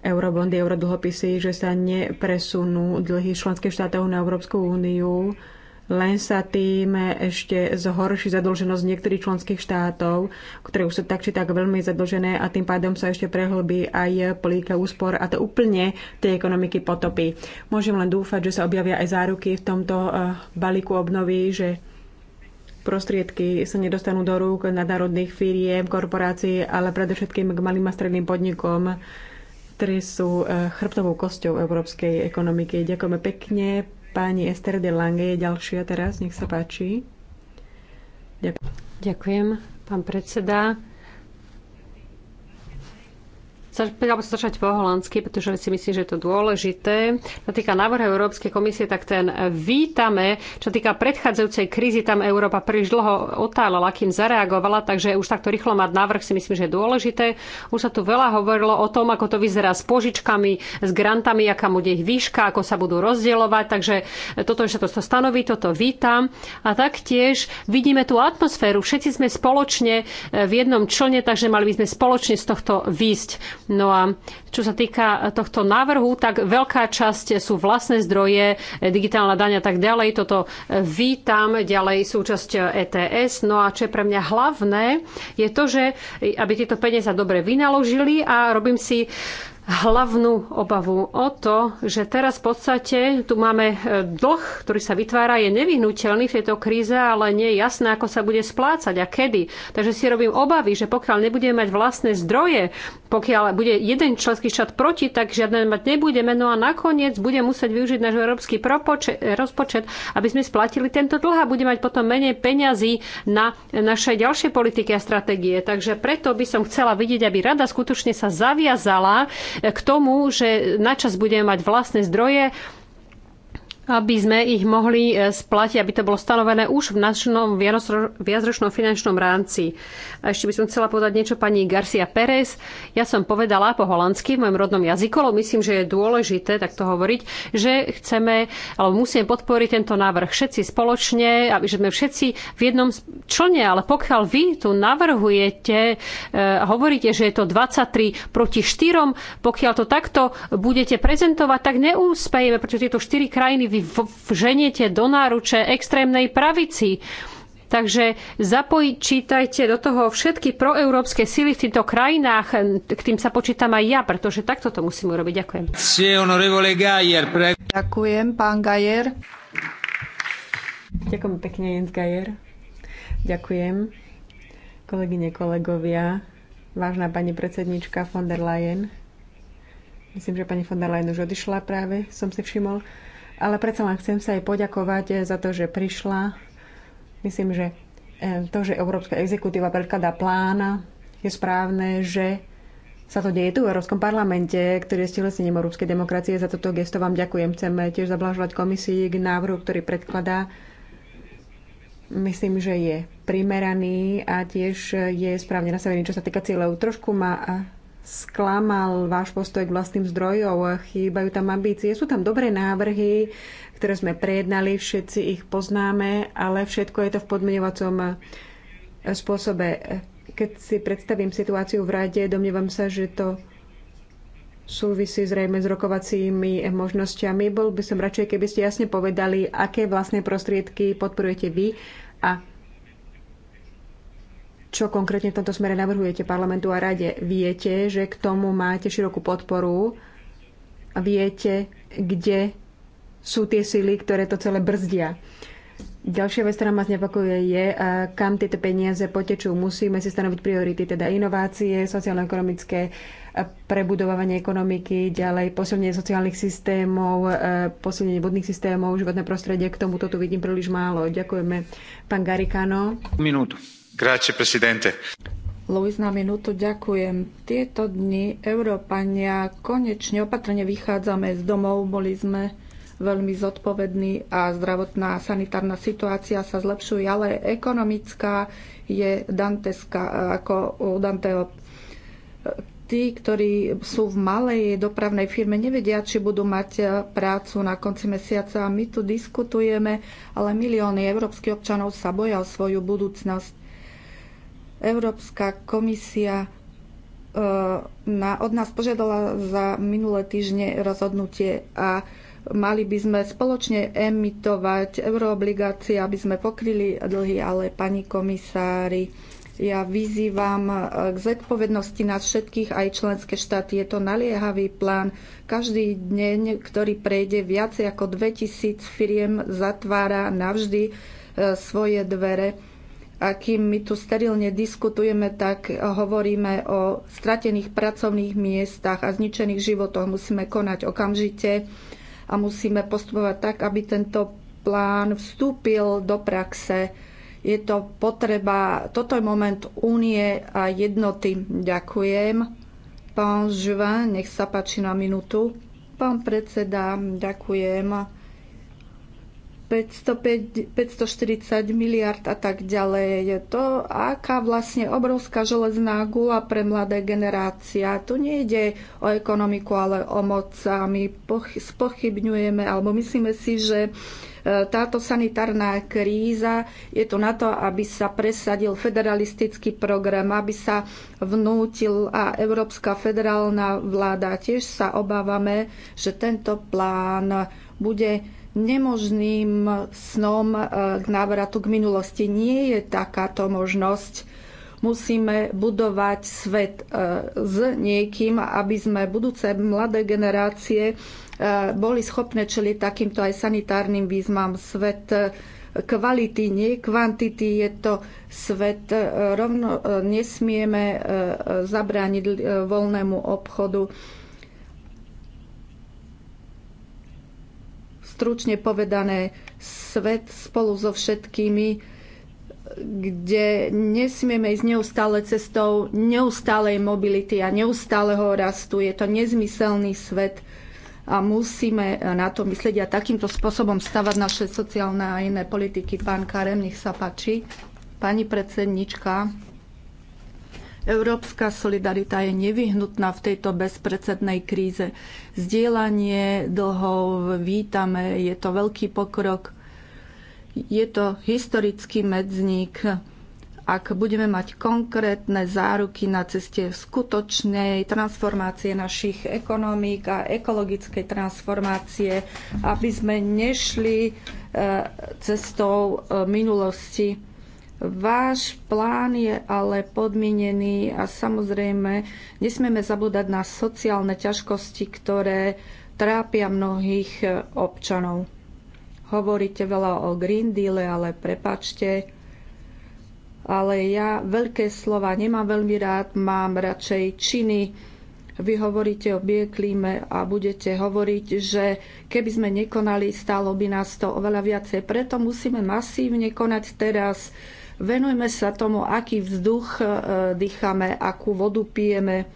eurobondy, eurodlhopisy, že sa nepresunú dlhy členských štátov na Európsku úniu, len sa tým ešte zhorší zadlženosť niektorých členských štátov, ktoré už sú tak či tak veľmi zadlžené a tým pádom sa ešte prehlbí aj políka úspor a to úplne tej ekonomiky potopí. Môžem len dúfať, že sa objavia aj záruky v tomto eh, balíku obnovy, že prostriedky sa nedostanú do rúk nadnárodných firiem, korporácií, ale predovšetkým k malým a stredným podnikom, ktorí sú e, chrbtovou kosťou európskej ekonomiky. Ďakujeme pekne. Pani Ester de Lange je ďalšia teraz, nech sa páči. Ďakujem. Ďakujem, pán predseda. Chcela by som začať po holandsky, pretože si myslím, že je to dôležité. Čo týka návrhu Európskej komisie, tak ten vítame. Čo týka predchádzajúcej krízy, tam Európa príliš dlho otálala, kým zareagovala, takže už takto rýchlo mať návrh si myslím, že je dôležité. Už sa tu veľa hovorilo o tom, ako to vyzerá s požičkami, s grantami, aká bude ich výška, ako sa budú rozdielovať, takže toto, že sa to stanoví, toto vítam. A taktiež vidíme tú atmosféru, všetci sme spoločne v jednom člne, takže mali by sme spoločne z tohto výjsť. No a čo sa týka tohto návrhu, tak veľká časť sú vlastné zdroje, digitálna daň a tak ďalej. Toto e, vítam, ďalej súčasť ETS. E no a čo je pre mňa hlavné, je to, že e, aby tieto peniaze dobre vynaložili a robím si hlavnú obavu o to, že teraz v podstate tu máme e, dlh, ktorý sa vytvára, je nevyhnutelný v tejto kríze, ale nie je jasné, ako sa bude splácať a kedy. Takže si robím obavy, že pokiaľ nebudeme mať vlastné zdroje, pokiaľ bude jeden členský štát proti, tak žiadne mať nebudeme. No a nakoniec bude musieť využiť náš európsky rozpočet, aby sme splatili tento dlh a bude mať potom menej peňazí na naše ďalšie politiky a stratégie. Takže preto by som chcela vidieť, aby rada skutočne sa zaviazala k tomu, že načas budeme mať vlastné zdroje aby sme ich mohli e, splatiť, aby to bolo stanovené už v našom viacročnom finančnom rámci. A ešte by som chcela povedať niečo pani Garcia Pérez. Ja som povedala po holandsky, v mojom rodnom jazyku, lebo myslím, že je dôležité takto hovoriť, že chceme, alebo musíme podporiť tento návrh všetci spoločne, aby sme všetci v jednom člne, ale pokiaľ vy tu navrhujete, e, hovoríte, že je to 23 proti 4, pokiaľ to takto budete prezentovať, tak neúspejeme, pretože tieto 4 krajiny vy v ženiete do náruče extrémnej pravici. Takže zapojiť, čítajte do toho všetky proeurópske síly v týchto krajinách. K tým sa počítam aj ja, pretože takto to musím urobiť. Ďakujem. Ďakujem, pán Gajer. Ďakujem pekne, Jens Gajer. Ďakujem. Kolegyne, kolegovia, vážna pani predsednička von der Leyen. Myslím, že pani von der Leyen už odišla práve, som si všimol ale predsa len chcem sa aj poďakovať eh, za to, že prišla. Myslím, že eh, to, že Európska exekutíva predkladá plán, je správne, že sa to deje tu v Európskom parlamente, ktorý je stelesnením európskej demokracie. Za toto gesto vám ďakujem. Chcem eh, tiež zablažovať komisii k návrhu, ktorý predkladá. Myslím, že je primeraný a tiež je správne nastavený, čo sa týka cieľov. Trošku ma sklamal váš postoj k vlastným zdrojov, chýbajú tam ambície. Sú tam dobré návrhy, ktoré sme prejednali, všetci ich poznáme, ale všetko je to v podmienovacom eh, spôsobe. Keď si predstavím situáciu v rade, domnievam sa, že to súvisí zrejme s rokovacími možnosťami. Bol by som radšej, keby ste jasne povedali, aké vlastné prostriedky podporujete vy a čo konkrétne v tomto smere navrhujete parlamentu a rade. Viete, že k tomu máte širokú podporu a viete, kde sú tie sily, ktoré to celé brzdia. Ďalšia vec, ktorá ma znepokojuje, je, kam tieto peniaze potečú. Musíme si stanoviť priority, teda inovácie, sociálno-ekonomické prebudovanie ekonomiky, ďalej posilnenie sociálnych systémov, posilnenie vodných systémov, životné prostredie. K tomuto tu vidím príliš málo. Ďakujeme. Pán Garikano. Minútu. Grazie, presidente. Luis, na minútu ďakujem. Tieto dni Európania konečne opatrne vychádzame z domov, boli sme veľmi zodpovední a zdravotná a sanitárna situácia sa zlepšuje, ale ekonomická je danteska, e, ako u Danteho. Tí, ktorí sú v malej dopravnej firme, nevedia, či budú mať e, prácu na konci mesiaca. My tu diskutujeme, ale milióny európskych občanov sa boja o svoju budúcnosť Európska komisia e, na, od nás požiadala za minulé týždne rozhodnutie a mali by sme spoločne emitovať euroobligácie, aby sme pokryli dlhy, ale pani komisári, ja vyzývam e, k zodpovednosti nás všetkých, aj členské štáty. Je to naliehavý plán. Každý deň, ktorý prejde viacej ako 2000 firiem, zatvára navždy e, svoje dvere a kým my tu sterilne diskutujeme, tak hovoríme o stratených pracovných miestach a zničených životoch. Musíme konať okamžite a musíme postupovať tak, aby tento plán vstúpil do praxe. Je to potreba, toto je moment únie a jednoty. Ďakujem. Pán Žuva, nech sa páči na minútu. Pán predseda, ďakujem 505, 540 miliard a tak ďalej. Je to aká vlastne obrovská železná gula pre mladé generácia. Tu nejde o ekonomiku, ale o moc. A my spochybňujeme, alebo myslíme si, že e, táto sanitárna kríza je tu na to, aby sa presadil federalistický program, aby sa vnútil a Európska federálna vláda. Tiež sa obávame, že tento plán bude nemožným snom e, k návratu k minulosti. Nie je takáto možnosť. Musíme budovať svet e, s niekým, aby sme budúce mladé generácie e, boli schopné čeliť takýmto aj sanitárnym výzvam. Svet kvality, nie kvantity. Je to svet, rovno nesmieme zabrániť voľnému obchodu stručne povedané svet spolu so všetkými kde nesmieme ísť neustále cestou neustálej mobility a neustáleho rastu. Je to nezmyselný svet a musíme na to myslieť a takýmto spôsobom stavať naše sociálne a iné politiky. Pán Karem, nech sa páči. Pani predsednička, Európska solidarita je nevyhnutná v tejto bezprecednej kríze. Zdielanie dlhov vítame, je to veľký pokrok, je to historický medzník. Ak budeme mať konkrétne záruky na ceste skutočnej transformácie našich ekonomík a ekologickej transformácie, aby sme nešli eh, cestou eh, minulosti, Váš plán je ale podmienený a samozrejme nesmieme zabúdať na sociálne ťažkosti, ktoré trápia mnohých e, občanov. Hovoríte veľa o Green Deal, ale prepačte, ale ja veľké slova nemám veľmi rád, mám radšej činy, vy hovoríte o bieklíme a budete hovoriť, že keby sme nekonali, stálo by nás to oveľa viacej. Preto musíme masívne konať teraz. Venujme sa tomu, aký vzduch e, dýchame, akú vodu pijeme,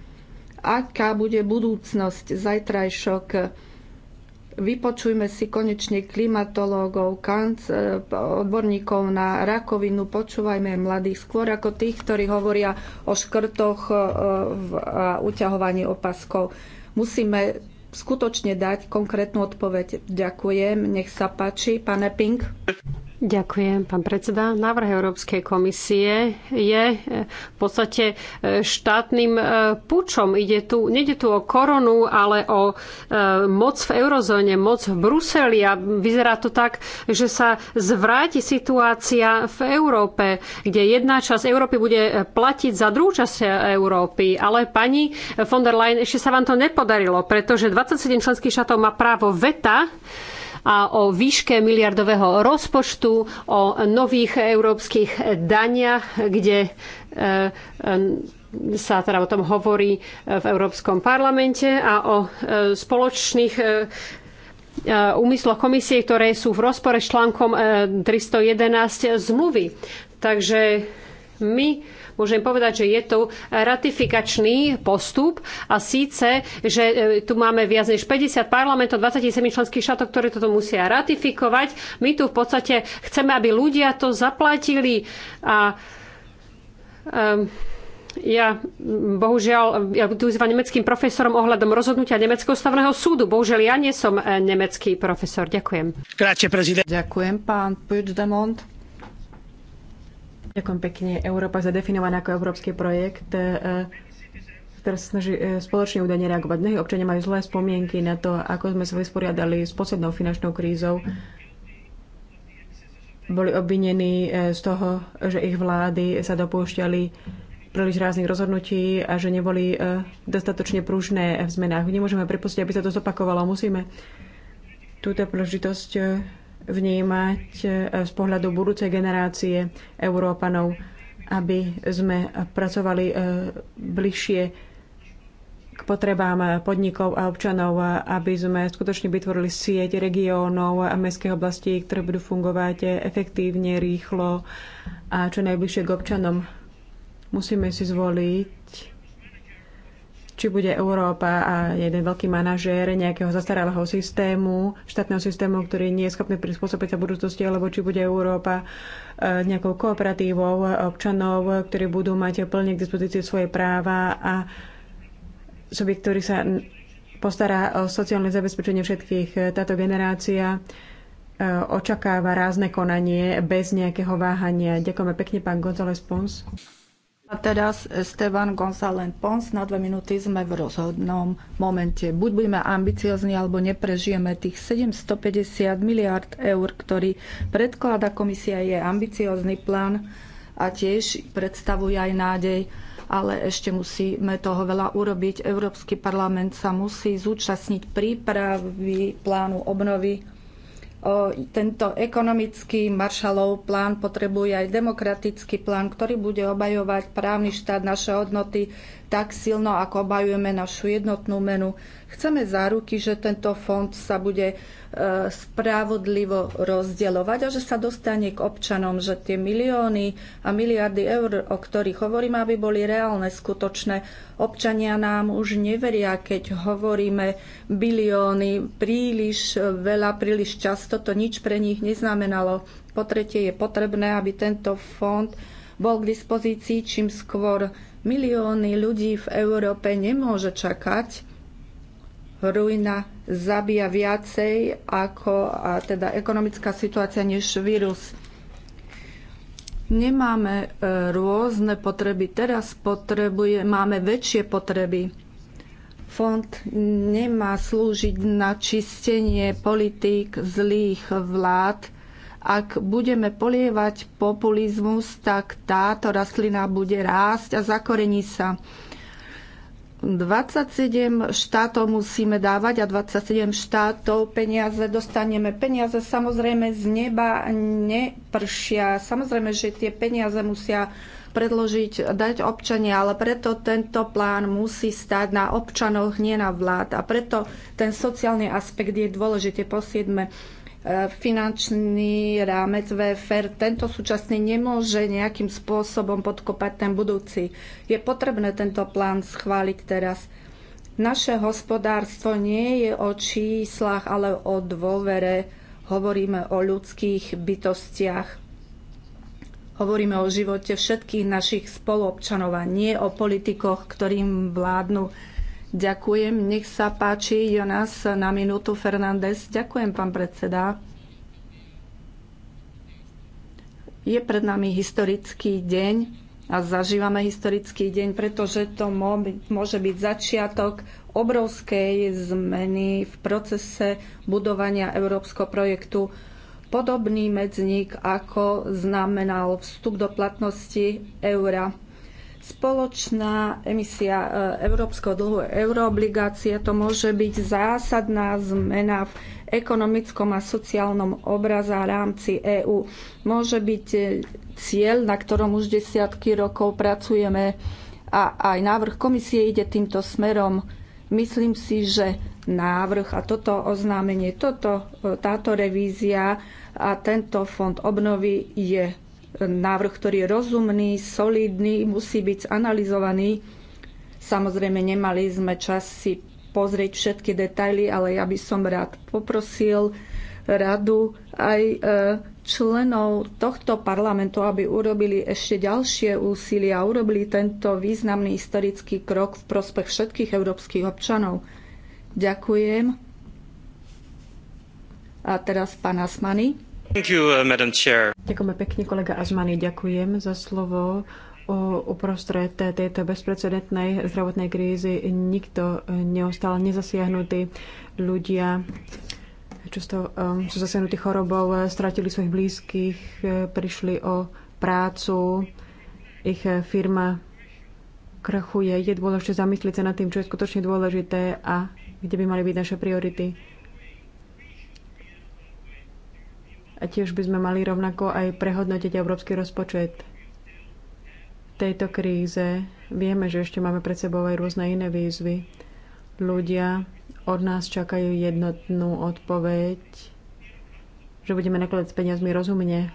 aká bude budúcnosť, zajtrajšok. Vypočujme si konečne klimatológov, kanc, e, odborníkov na rakovinu, počúvajme mladých skôr ako tých, ktorí hovoria o škrtoch e, a uťahovaní opaskov. Musíme skutočne dať konkrétnu odpoveď. Ďakujem, nech sa páči, pane Pink. Ďakujem, pán predseda. Návrh Európskej komisie je e, v podstate e, štátnym e, pučom. Ide tu, nede tu o koronu, ale o moc v eurozóne, moc v Bruseli a vyzerá to tak, že sa zvráti situácia v Európe, kde jedna časť Európy bude platiť za druhú časť Európy. Ale pani von der Leyen, ešte sa vám to nepodarilo, pretože 27 členských štátov má právo veta a o výške miliardového rozpočtu, o nových európskych daniach, kde e, e, sa teda o tom hovorí e, v Európskom parlamente a o spoločných úmysloch komisie, ktoré sú v rozpore s článkom 311 zmluvy. Takže my môžem povedať, že je tu ratifikačný postup a síce, že e, tu máme viac než 50 parlamentov, 27 členských štátov, ktoré toto musia ratifikovať. My tu v podstate chceme, aby ľudia to zaplatili a um, ja bohužiaľ, ja tu zva nemeckým profesorom ohľadom rozhodnutia Nemeckého stavného súdu. Bohužiaľ, ja nie som e, nemecký profesor. Ďakujem. Grazie, prezident. Ďakujem, pán Puigdemont. Ďakujem pekne. Európa je zadefinovaná ako európsky projekt, e, ktorý sa snaží e, spoločne údajne reagovať. Mnohí občania majú zlé spomienky na to, ako sme sa vysporiadali s poslednou finančnou krízou. Boli obvinení e, z toho, že ich vlády sa dopúšťali príliš ráznych rozhodnutí a že neboli dostatočne pružné v zmenách. Nemôžeme pripustiť, aby sa to zopakovalo. Musíme túto príležitosť vnímať e, z pohľadu budúcej generácie Európanov, aby sme pracovali e, bližšie k potrebám podnikov a občanov, aby sme skutočne vytvorili sieť regiónov a mestských oblastí, ktoré budú fungovať efektívne, rýchlo a čo najbližšie k občanom. Musíme si zvoliť či bude Európa a jeden veľký manažér nejakého zastaralého systému, štátneho systému, ktorý nie je schopný prispôsobiť sa budúcnosti, alebo či bude Európa e, nejakou kooperatívou občanov, ktorí budú mať plne k dispozícii svoje práva a subjekt, ktorý sa postará o sociálne zabezpečenie všetkých. Táto generácia e, očakáva rázne konanie bez nejakého váhania. Ďakujeme pekne, pán González Pons. A teraz Esteban González Pons, na dve minúty sme v rozhodnom momente. Buď budeme ambiciozni, alebo neprežijeme tých 750 miliard eur, ktorý predklada komisia, je ambiciózny plán a tiež predstavuje aj nádej, ale ešte musíme toho veľa urobiť. Európsky parlament sa musí zúčastniť prípravy plánu obnovy tento ekonomický maršalov plán potrebuje aj demokratický plán, ktorý bude obajovať právny štát, naše hodnoty, tak silno, ako obhajujeme našu jednotnú menu. Chceme záruky, že tento fond sa bude e, spravodlivo rozdielovať a že sa dostane k občanom, že tie milióny a miliardy eur, o ktorých hovoríme, aby boli reálne, skutočné. Občania nám už neveria, keď hovoríme bilióny príliš veľa, príliš často. To nič pre nich neznamenalo. Po tretie je potrebné, aby tento fond bol k dispozícii čím skôr Milióny ľudí v Európe nemôže čakať. Ruina zabíja viacej ako a teda ekonomická situácia než vírus. Nemáme e, rôzne potreby. Teraz potrebuje, máme väčšie potreby. Fond nemá slúžiť na čistenie politík zlých vlád, ak budeme polievať populizmus, tak táto rastlina bude rásť a zakorení sa. 27 štátov musíme dávať a 27 štátov peniaze dostaneme. Peniaze samozrejme z neba nepršia. Samozrejme, že tie peniaze musia predložiť, dať občania, ale preto tento plán musí stať na občanoch, nie na vlád. A preto ten sociálny aspekt je dôležitý. posiedme finančný rámec VFR, tento súčasný nemôže nejakým spôsobom podkopať ten budúci. Je potrebné tento plán schváliť teraz. Naše hospodárstvo nie je o číslach, ale o dôvere. Hovoríme o ľudských bytostiach. Hovoríme o živote všetkých našich spoluobčanov a nie o politikoch, ktorým vládnu Ďakujem. Nech sa páči, Jonas, na minútu Fernández. Ďakujem, pán predseda. Je pred nami historický deň a zažívame historický deň, pretože to môže byť začiatok obrovskej zmeny v procese budovania európskeho projektu. Podobný medzník, ako znamenal vstup do platnosti eura Spoločná emisia e, európskeho dlhu euroobligácie to môže byť zásadná zmena v ekonomickom a sociálnom obraze a rámci EÚ. Môže byť e, cieľ, na ktorom už desiatky rokov pracujeme a aj návrh komisie ide týmto smerom. Myslím si, že návrh a toto oznámenie, toto, e, táto revízia a tento fond obnovy je návrh, ktorý je rozumný, solidný, musí byť analyzovaný. Samozrejme, nemali sme čas si pozrieť všetky detaily, ale ja by som rád poprosil radu aj e, členov tohto parlamentu, aby urobili ešte ďalšie úsilia a urobili tento významný historický krok v prospech všetkých európskych občanov. Ďakujem. A teraz pán Asmany. Uh, Ďakujeme pekne, kolega Azmany, ďakujem za slovo. O, uprostred tejto bezprecedentnej zdravotnej krízy nikto neostal nezasiahnutý. Ľudia často um, sú zasiahnutí chorobou, eh, stratili svojich blízkych, eh, prišli o prácu, ich eh, firma krachuje. Je dôležité zamyslieť sa nad tým, čo je skutočne dôležité a kde by mali byť naše priority A tiež by sme mali rovnako aj prehodnotiť európsky rozpočet. V tejto kríze vieme, že ešte máme pred sebou aj rôzne iné výzvy. Ľudia od nás čakajú jednotnú odpoveď, že budeme nakladať s peniazmi rozumne,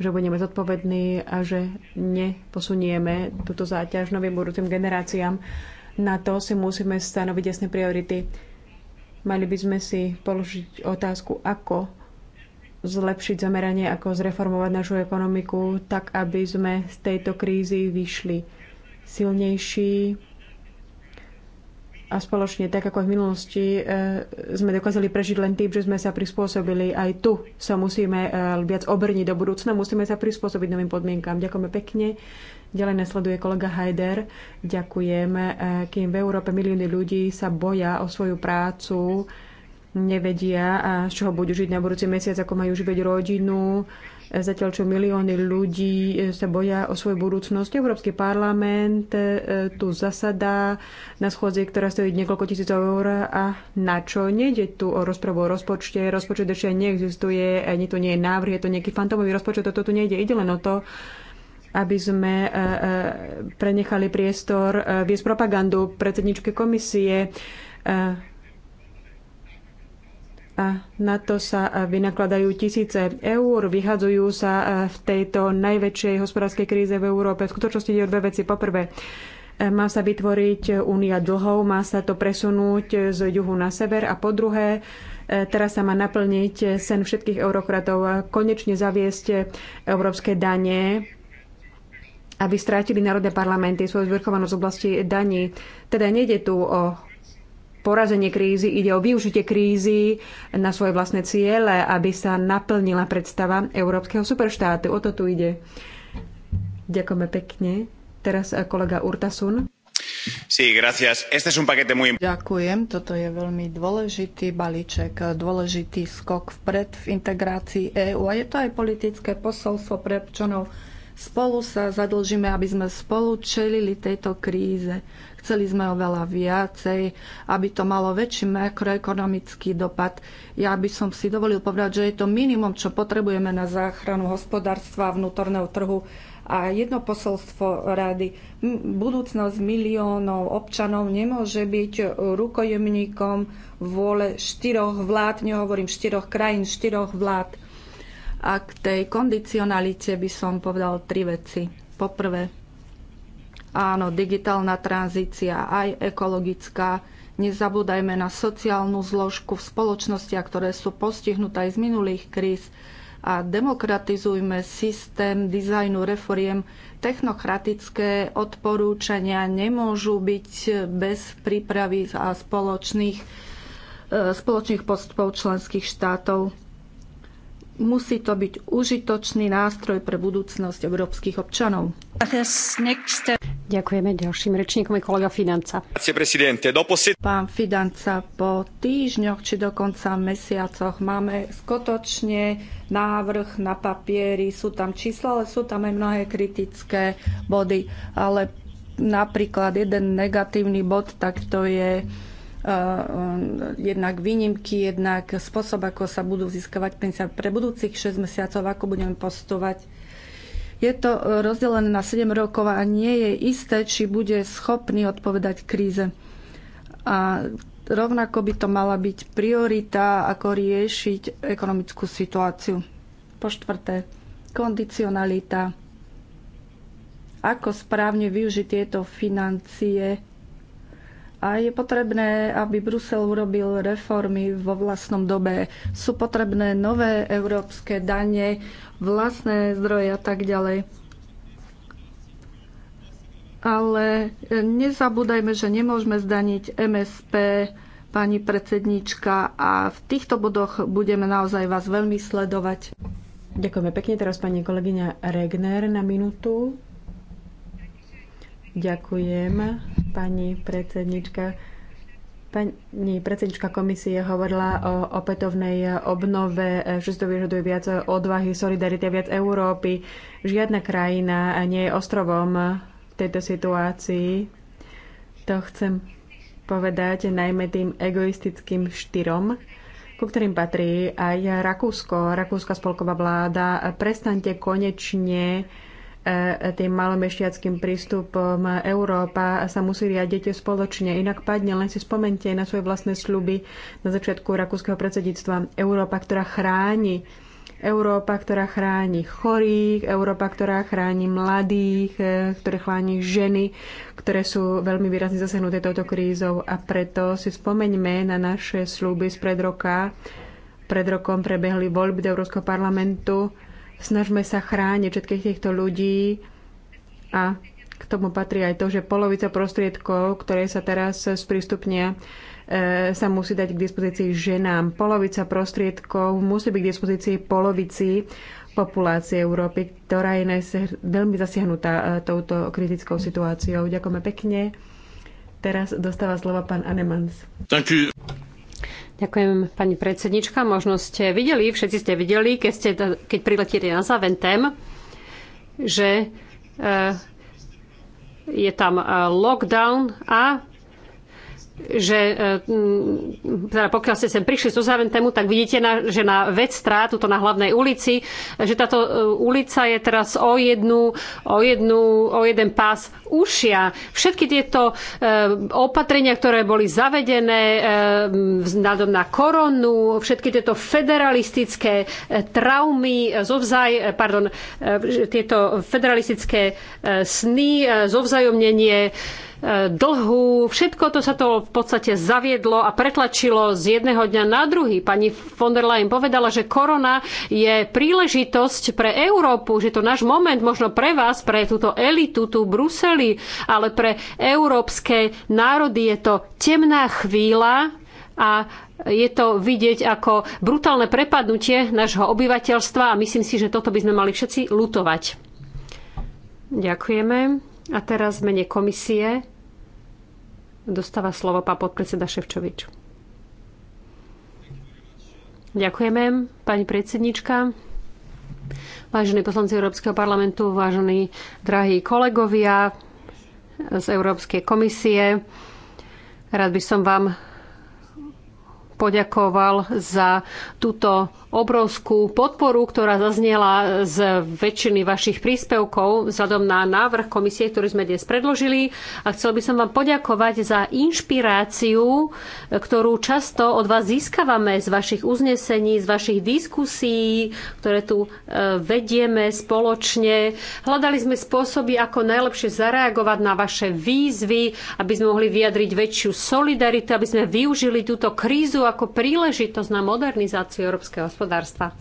že budeme zodpovední a že neposunieme túto záťaž novým budúcim generáciám. Na to si musíme stanoviť jasné priority. Mali by sme si položiť otázku, ako zlepšiť zameranie, ako zreformovať našu ekonomiku, tak aby sme z tejto krízy vyšli silnejší a spoločne, tak ako v minulosti e, sme dokázali prežiť len tým, že sme sa prispôsobili. Aj tu sa musíme e, viac obrniť do budúcna, musíme sa prispôsobiť novým podmienkám. Ďakujeme pekne. Ďalej nasleduje kolega Hajder. Ďakujem. E, kým v Európe milióny ľudí sa boja o svoju prácu, nevedia, a z čoho budú žiť na budúci mesiac, ako majú živeť rodinu, zatiaľ čo milióny ľudí e, sa boja o svoju budúcnosť. Európsky parlament e, tu zasadá na schôdzi, ktorá stojí niekoľko tisíc eur a na čo? Nejde tu o rozpravu o rozpočte, rozpočet ešte neexistuje, ani to nie je návrh, je to nejaký fantomový rozpočet, toto tu nejde, ide len o to, aby sme e, prenechali priestor viesť propagandu predsedničke komisie a na to sa vynakladajú tisíce eur, vyhadzujú sa e, v tejto najväčšej hospodárskej kríze v Európe. V skutočnosti ide o dve veci. Poprvé, e, má sa vytvoriť únia dlhov, má sa to presunúť z juhu na sever a po druhé, e, teraz sa má naplniť sen všetkých eurokratov, a konečne zaviesť európske dane, aby strátili národné parlamenty svoju zvrchovanosť v oblasti daní. Teda nejde tu o porazenie krízy, ide o využitie krízy na svoje vlastné ciele, aby sa naplnila predstava európskeho superštátu. O to tu ide. Ďakujeme pekne. Teraz eh, kolega Urtasun. Sí, gracias. Este es un paquete muy... Ďakujem, toto je veľmi dôležitý balíček, eh, dôležitý skok vpred v integrácii EÚ a je to aj politické posolstvo pre občanov. Spolu sa zadlžíme, aby sme spolu čelili tejto kríze. Chceli sme oveľa viacej, aby to malo väčší makroekonomický dopad. Ja by som si dovolil povedať, že je to minimum, čo potrebujeme na záchranu hospodárstva a vnútorného trhu. A jedno posolstvo rady. Budúcnosť miliónov občanov nemôže byť rukojemníkom vôle štyroch vlád, nehovorím štyroch krajín, štyroch vlád. A k tej kondicionalite by som povedal tri veci. Poprvé, Áno, digitálna tranzícia, aj ekologická. Nezabúdajme na sociálnu zložku v spoločnostiach, ktoré sú postihnuté aj z minulých kríz a demokratizujme systém dizajnu reforiem. Technokratické odporúčania nemôžu byť bez prípravy a spoločných, e, spoločných postupov členských štátov. Musí to byť užitočný nástroj pre budúcnosť európskych občanov. Ďakujeme ďalším rečníkom je kolega Fidanca. Pán Fidanca, po týždňoch či dokonca mesiacoch máme skutočne návrh na papieri, sú tam čísla, ale sú tam aj mnohé kritické body. Ale napríklad jeden negatívny bod, tak to je eh, jednak výnimky, jednak spôsob, ako sa budú získavať pensia pre budúcich 6 mesiacov, ako budeme postovať je to e, rozdelené na 7 rokov a nie je isté, či bude schopný odpovedať kríze. A rovnako by to mala byť priorita, ako riešiť ekonomickú situáciu. Po štvrté, kondicionalita. Ako správne využiť tieto financie a je potrebné, aby Brusel urobil reformy vo vlastnom dobe. Sú potrebné nové európske dane, vlastné zdroje a tak ďalej. Ale nezabúdajme, že nemôžeme zdaniť MSP, pani predsedníčka, a v týchto bodoch budeme naozaj vás veľmi sledovať. Ďakujeme pekne. Teraz pani kolegyňa Regner na minútu. Ďakujem, pani predsednička. Pani predsednička komisie hovorila o opätovnej obnove, že to vyžaduje viac odvahy, solidarity a viac Európy. Žiadna krajina nie je ostrovom v tejto situácii. To chcem povedať najmä tým egoistickým štyrom, ku ktorým patrí aj Rakúsko, Rakúska spolková vláda. Prestaňte konečne E, tým malomešťackým prístupom. Európa sa musí riadiť spoločne, inak padne. Len si spomente na svoje vlastné sľuby na začiatku rakúskeho predsedníctva. Európa, ktorá chráni Európa, ktorá chráni chorých, Európa, ktorá chráni mladých, e, ktoré chráni ženy, ktoré sú veľmi výrazne zasahnuté touto krízou. A preto si spomeňme na naše z pred roka. Pred rokom prebehli voľby do Európskeho parlamentu Snažme sa chrániť všetkých týchto ľudí a k tomu patrí aj to, že polovica prostriedkov, ktoré sa teraz sprístupnia, e, sa musí dať k dispozícii ženám. Polovica prostriedkov musí byť k dispozícii polovici populácie Európy, ktorá je veľmi zasiahnutá e, touto kritickou situáciou. Ďakujeme pekne. Teraz dostáva slovo pán Anemans. Ďakujem, pani predsednička. Možno ste videli, všetci ste videli, keď, ste, keď na Zaventem, že eh, je tam eh, lockdown a že e, teda pokiaľ ste sem prišli so Uzaventemu, tak vidíte, na, že na Vedstra, tuto na hlavnej ulici, že táto e, ulica je teraz o, jednu, o, jednu, o jeden pás ušia. Všetky tieto e, opatrenia, ktoré boli zavedené vzhľadom na koronu, všetky tieto federalistické traumy, zovzaj, pardon, tieto federalistické sny, zovzajomnenie, dlhu. Všetko to sa to v podstate zaviedlo a pretlačilo z jedného dňa na druhý. Pani von der Leyen povedala, že korona je príležitosť pre Európu, že to náš moment možno pre vás, pre túto elitu tu v Bruseli, ale pre európske národy je to temná chvíľa a je to vidieť ako brutálne prepadnutie nášho obyvateľstva a myslím si, že toto by sme mali všetci lutovať. Ďakujeme. A teraz v mene komisie dostáva slovo pán podpredseda Ševčovič. Ďakujeme, pani predsednička. Vážení poslanci Európskeho parlamentu, vážení drahí kolegovia z Európskej komisie, rád by som vám poďakoval za túto obrovskú podporu, ktorá zaznela z väčšiny vašich príspevkov vzhľadom na návrh komisie, ktorý sme dnes predložili. A chcel by som vám poďakovať za inšpiráciu, ktorú často od vás získavame z vašich uznesení, z vašich diskusí, ktoré tu e, vedieme spoločne. Hľadali sme spôsoby, ako najlepšie zareagovať na vaše výzvy, aby sme mohli vyjadriť väčšiu solidaritu, aby sme využili túto krízu, ako príležitosť na modernizáciu európskeho hospodárstva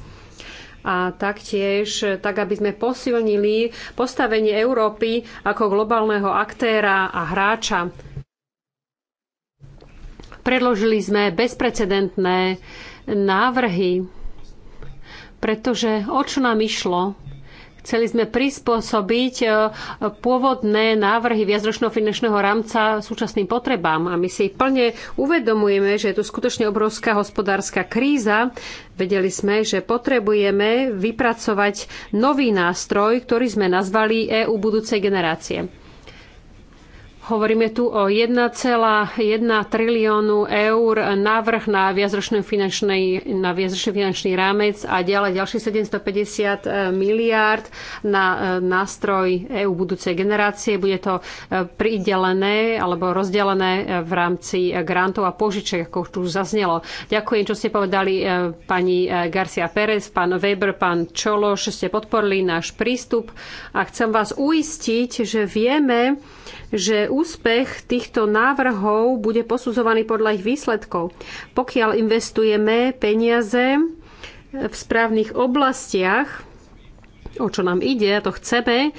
a taktiež tak, aby sme posilnili postavenie Európy ako globálneho aktéra a hráča. Predložili sme bezprecedentné návrhy, pretože o čo nám išlo Chceli sme prispôsobiť e, pôvodné návrhy viacročného finančného rámca súčasným potrebám. A my si plne uvedomujeme, že je tu skutočne obrovská hospodárska kríza. Vedeli sme, že potrebujeme vypracovať nový nástroj, ktorý sme nazvali EU budúcej generácie. Hovoríme tu o 1,1 triliónu eur návrh na viacročný finančný, finančný rámec a ďalej ďalších 750 e, miliárd na e, nástroj EÚ budúcej generácie. Bude to e, pridelené alebo rozdelené v rámci grantov a požiček, ako už tu zaznelo. Ďakujem, čo ste povedali pani Garcia Pérez, pán Weber, pán Čološ, ste podporili náš prístup a chcem vás uistiť, že vieme, že Úspech týchto návrhov bude posudzovaný podľa ich výsledkov. Pokiaľ investujeme peniaze v správnych oblastiach, o čo nám ide, a to chceme,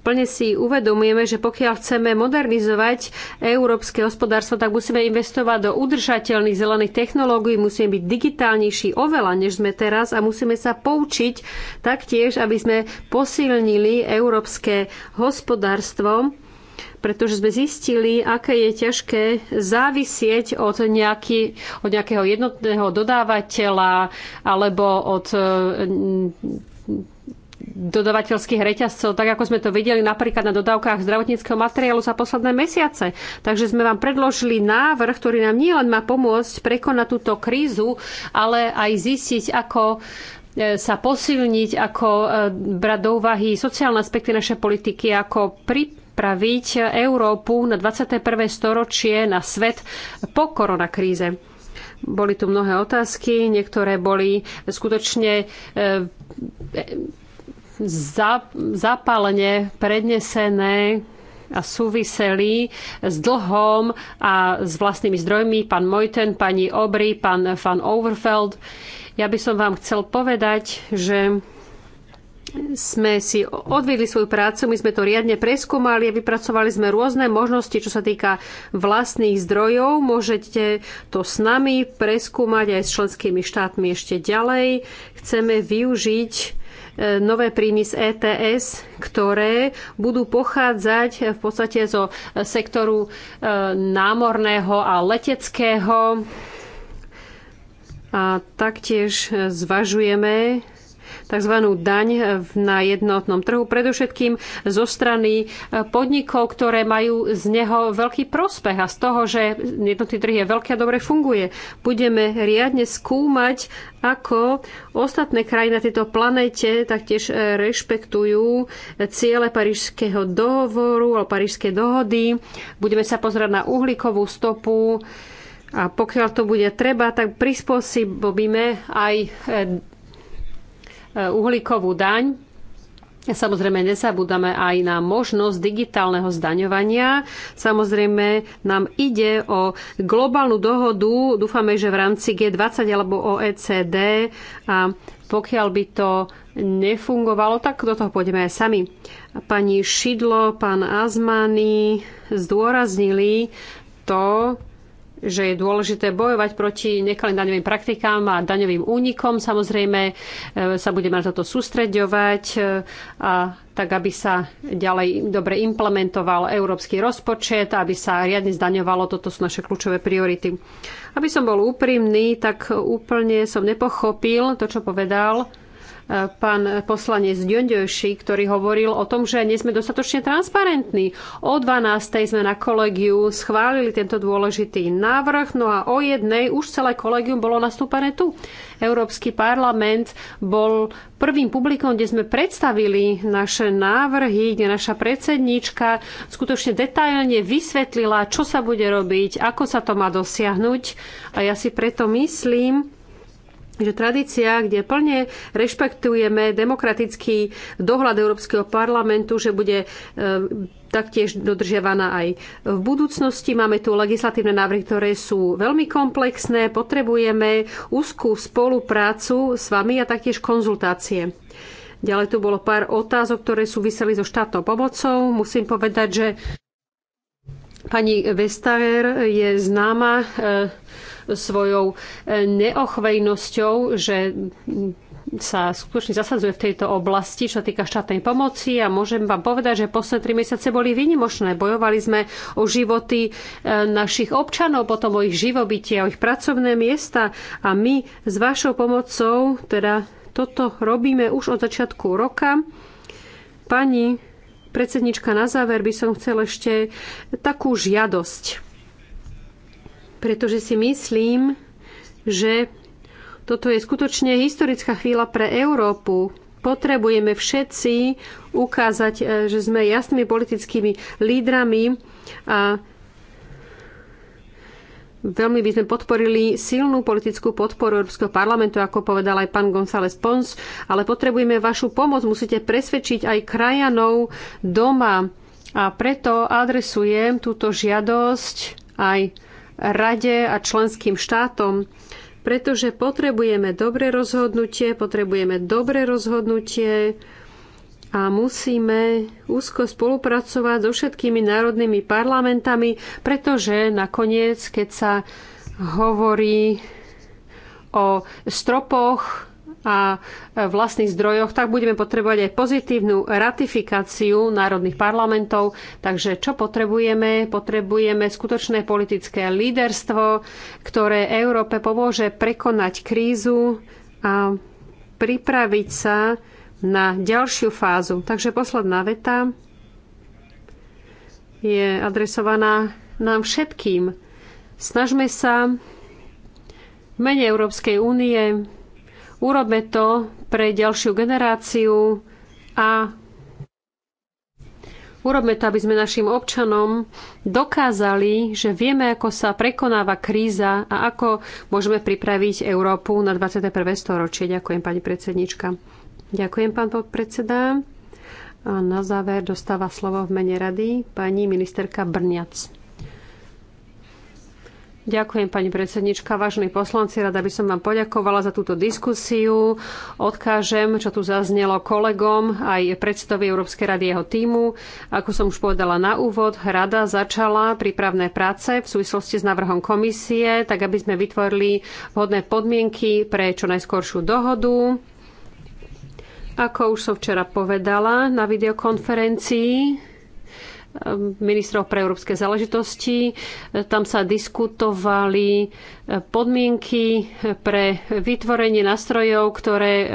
plne si uvedomujeme, že pokiaľ chceme modernizovať európske hospodárstvo, tak musíme investovať do udržateľných zelených technológií, musíme byť digitálnejší oveľa, než sme teraz a musíme sa poučiť taktiež, aby sme posilnili európske hospodárstvo pretože sme zistili, aké je ťažké závisieť od, nejaký, od nejakého jednotného dodávateľa alebo od eh, dodavateľských reťazcov, tak ako sme to videli napríklad na dodávkach zdravotníckého materiálu za posledné mesiace. Takže sme vám predložili návrh, ktorý nám nielen má pomôcť prekonať túto krízu, ale aj zistiť, ako eh, sa posilniť, ako eh, brať do úvahy sociálne aspekty našej politiky, ako pri pripraviť Európu na 21. storočie, na svet po koronakríze. Boli tu mnohé otázky, niektoré boli skutočne eh, zapálene prednesené a súviseli s dlhom a s vlastnými zdrojmi pán Mojten, pani Obry, pán Van Overfeld. Ja by som vám chcel povedať, že sme si odviedli svoju prácu, my sme to riadne preskúmali a vypracovali sme rôzne možnosti, čo sa týka vlastných zdrojov. Môžete to s nami preskúmať aj s členskými štátmi ešte ďalej. Chceme využiť e, nové príjmy z ETS, ktoré budú pochádzať v podstate zo sektoru e, námorného a leteckého. A taktiež zvažujeme tzv. daň na jednotnom trhu, predovšetkým zo strany e, podnikov, ktoré majú z neho veľký prospech a z toho, že jednotný trh je veľký a dobre funguje. Budeme riadne skúmať, ako ostatné krajiny na tejto planete taktiež e, rešpektujú ciele Parížského dohovoru alebo Parížskej dohody. Budeme sa pozerať na uhlíkovú stopu, a pokiaľ to bude treba, tak prispôsobíme aj e, uhlíkovú daň. Samozrejme, nezabúdame aj na možnosť digitálneho zdaňovania. Samozrejme, nám ide o globálnu dohodu, dúfame, že v rámci G20 alebo OECD a pokiaľ by to nefungovalo, tak do toho pôjdeme aj sami. Pani Šidlo, pán Azmany zdôraznili to, že je dôležité bojovať proti nekalým daňovým praktikám a daňovým únikom. Samozrejme e, sa budeme na toto sústreďovať, e, a tak aby sa ďalej dobre implementoval európsky rozpočet, aby sa riadne zdaňovalo. Toto sú naše kľúčové priority. Aby som bol úprimný, tak úplne som nepochopil to, čo povedal pán poslanec Ďondejší, ktorý hovoril o tom, že nie sme dostatočne transparentní. O 12. sme na kolegiu schválili tento dôležitý návrh, no a o jednej už celé kolegium bolo nastúpené tu. Európsky parlament bol prvým publikom, kde sme predstavili naše návrhy, kde naša predsedníčka skutočne detailne vysvetlila, čo sa bude robiť, ako sa to má dosiahnuť. A ja si preto myslím, že tradícia, kde plne rešpektujeme demokratický dohľad Európskeho parlamentu, že bude e, taktiež dodržiavaná aj v budúcnosti. Máme tu legislatívne návrhy, ktoré sú veľmi komplexné. Potrebujeme úzkú spoluprácu s vami a taktiež konzultácie. Ďalej tu bolo pár otázok, ktoré súviseli so štátnou pomocou. Musím povedať, že pani Vestager je známa e, svojou e, neochvejnosťou, že sa skutočne zasadzuje v tejto oblasti, čo týka štátnej pomoci a môžem vám povedať, že posledné tri mesiace boli výnimočné. Bojovali sme o životy e, našich občanov, potom o ich živobytie, o ich pracovné miesta a my s vašou pomocou, teda toto robíme už od začiatku roka. Pani predsednička, na záver by som chcel ešte takú žiadosť pretože si myslím, že toto je skutočne historická chvíľa pre Európu. Potrebujeme všetci ukázať, e, že sme jasnými politickými lídrami a veľmi by sme podporili silnú politickú podporu Európskeho parlamentu, ako povedal aj pán González Pons, ale potrebujeme vašu pomoc, musíte presvedčiť aj krajanov doma. A preto adresujem túto žiadosť aj rade a členským štátom, pretože potrebujeme dobré rozhodnutie, potrebujeme dobré rozhodnutie a musíme úzko spolupracovať so všetkými národnými parlamentami, pretože nakoniec, keď sa hovorí o stropoch a e, vlastných zdrojoch, tak budeme potrebovať aj pozitívnu ratifikáciu národných parlamentov. Takže čo potrebujeme? Potrebujeme skutočné politické líderstvo, ktoré Európe pomôže prekonať krízu a pripraviť sa na ďalšiu fázu. Takže posledná veta je adresovaná nám všetkým. Snažme sa v mene Európskej únie Urobme to pre ďalšiu generáciu a urobme to, aby sme našim občanom dokázali, že vieme, ako sa prekonáva kríza a ako môžeme pripraviť Európu na 21. storočie. Ďakujem, pani predsednička. Ďakujem, pán podpredseda. A na záver dostáva slovo v mene rady pani ministerka Brňac. Ďakujem, pani predsednička. Vážení poslanci, rada by som vám poďakovala za túto diskusiu. Odkážem, čo tu zaznelo kolegom, aj predsedovi Európskej rady jeho týmu. Ako som už povedala na úvod, rada začala prípravné práce v súvislosti s návrhom komisie, tak aby sme vytvorili vhodné podmienky pre čo najskoršiu dohodu. Ako už som včera povedala na videokonferencii, ministrov pre európske záležitosti. Tam sa diskutovali e, podmienky pre vytvorenie nástrojov, ktoré e,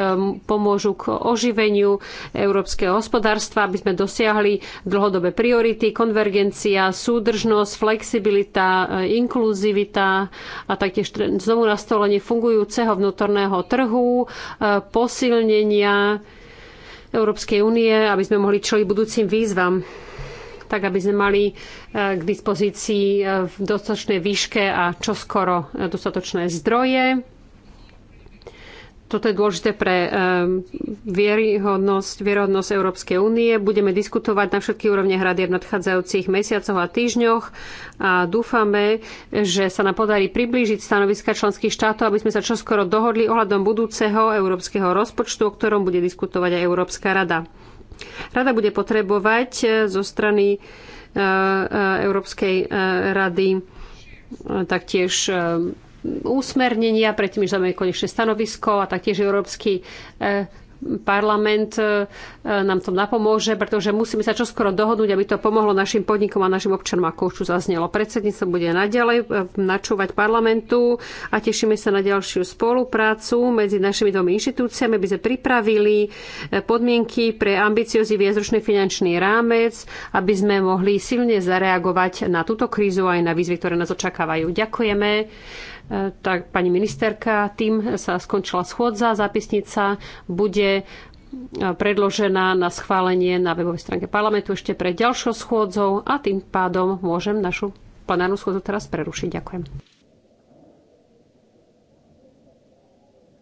pomôžu k oživeniu európskeho hospodárstva, aby sme dosiahli dlhodobé priority, konvergencia, súdržnosť, flexibilita, e, inkluzivita a taktiež znovu nastolenie fungujúceho vnútorného trhu, posilnenia Európskej únie, aby sme mohli čeliť budúcim výzvam tak aby sme mali e, k dispozícii e, v dostatočnej výške a čoskoro e, dostatočné zdroje. Toto je dôležité pre vieryhodnosť, vierohodnosť Európskej únie. Budeme diskutovať na všetkých úrovniach rady v nadchádzajúcich mesiacoch a týždňoch a dúfame, že sa nám podarí priblížiť stanoviska členských štátov, aby sme sa čoskoro dohodli ohľadom budúceho európskeho rozpočtu, o ktorom bude diskutovať aj Európska rada. Rada bude potrebovať eh, zo strany eh, eh, Európskej rady taktiež úsmernenia, predtým, že máme konečné stanovisko a taktiež Európsky parlament e, nám tom napomôže, pretože musíme sa čoskoro dohodnúť, aby to pomohlo našim podnikom a našim občanom, ako už zaznelo. Predsedníctvo bude naďalej e, načúvať parlamentu a tešíme sa na ďalšiu spoluprácu medzi našimi dvomi inštitúciami, aby sme pripravili e, podmienky pre ambiciozný viacročný finančný rámec, aby sme mohli silne zareagovať na túto krízu aj na výzvy, ktoré nás očakávajú. Ďakujeme tak pani ministerka, tým sa skončila schôdza, zápisnica bude e, predložená na schválenie na webovej stránke parlamentu ešte pred ďalšou schôdzou a tým pádom môžem našu plenárnu schôdzu teraz prerušiť. Ďakujem.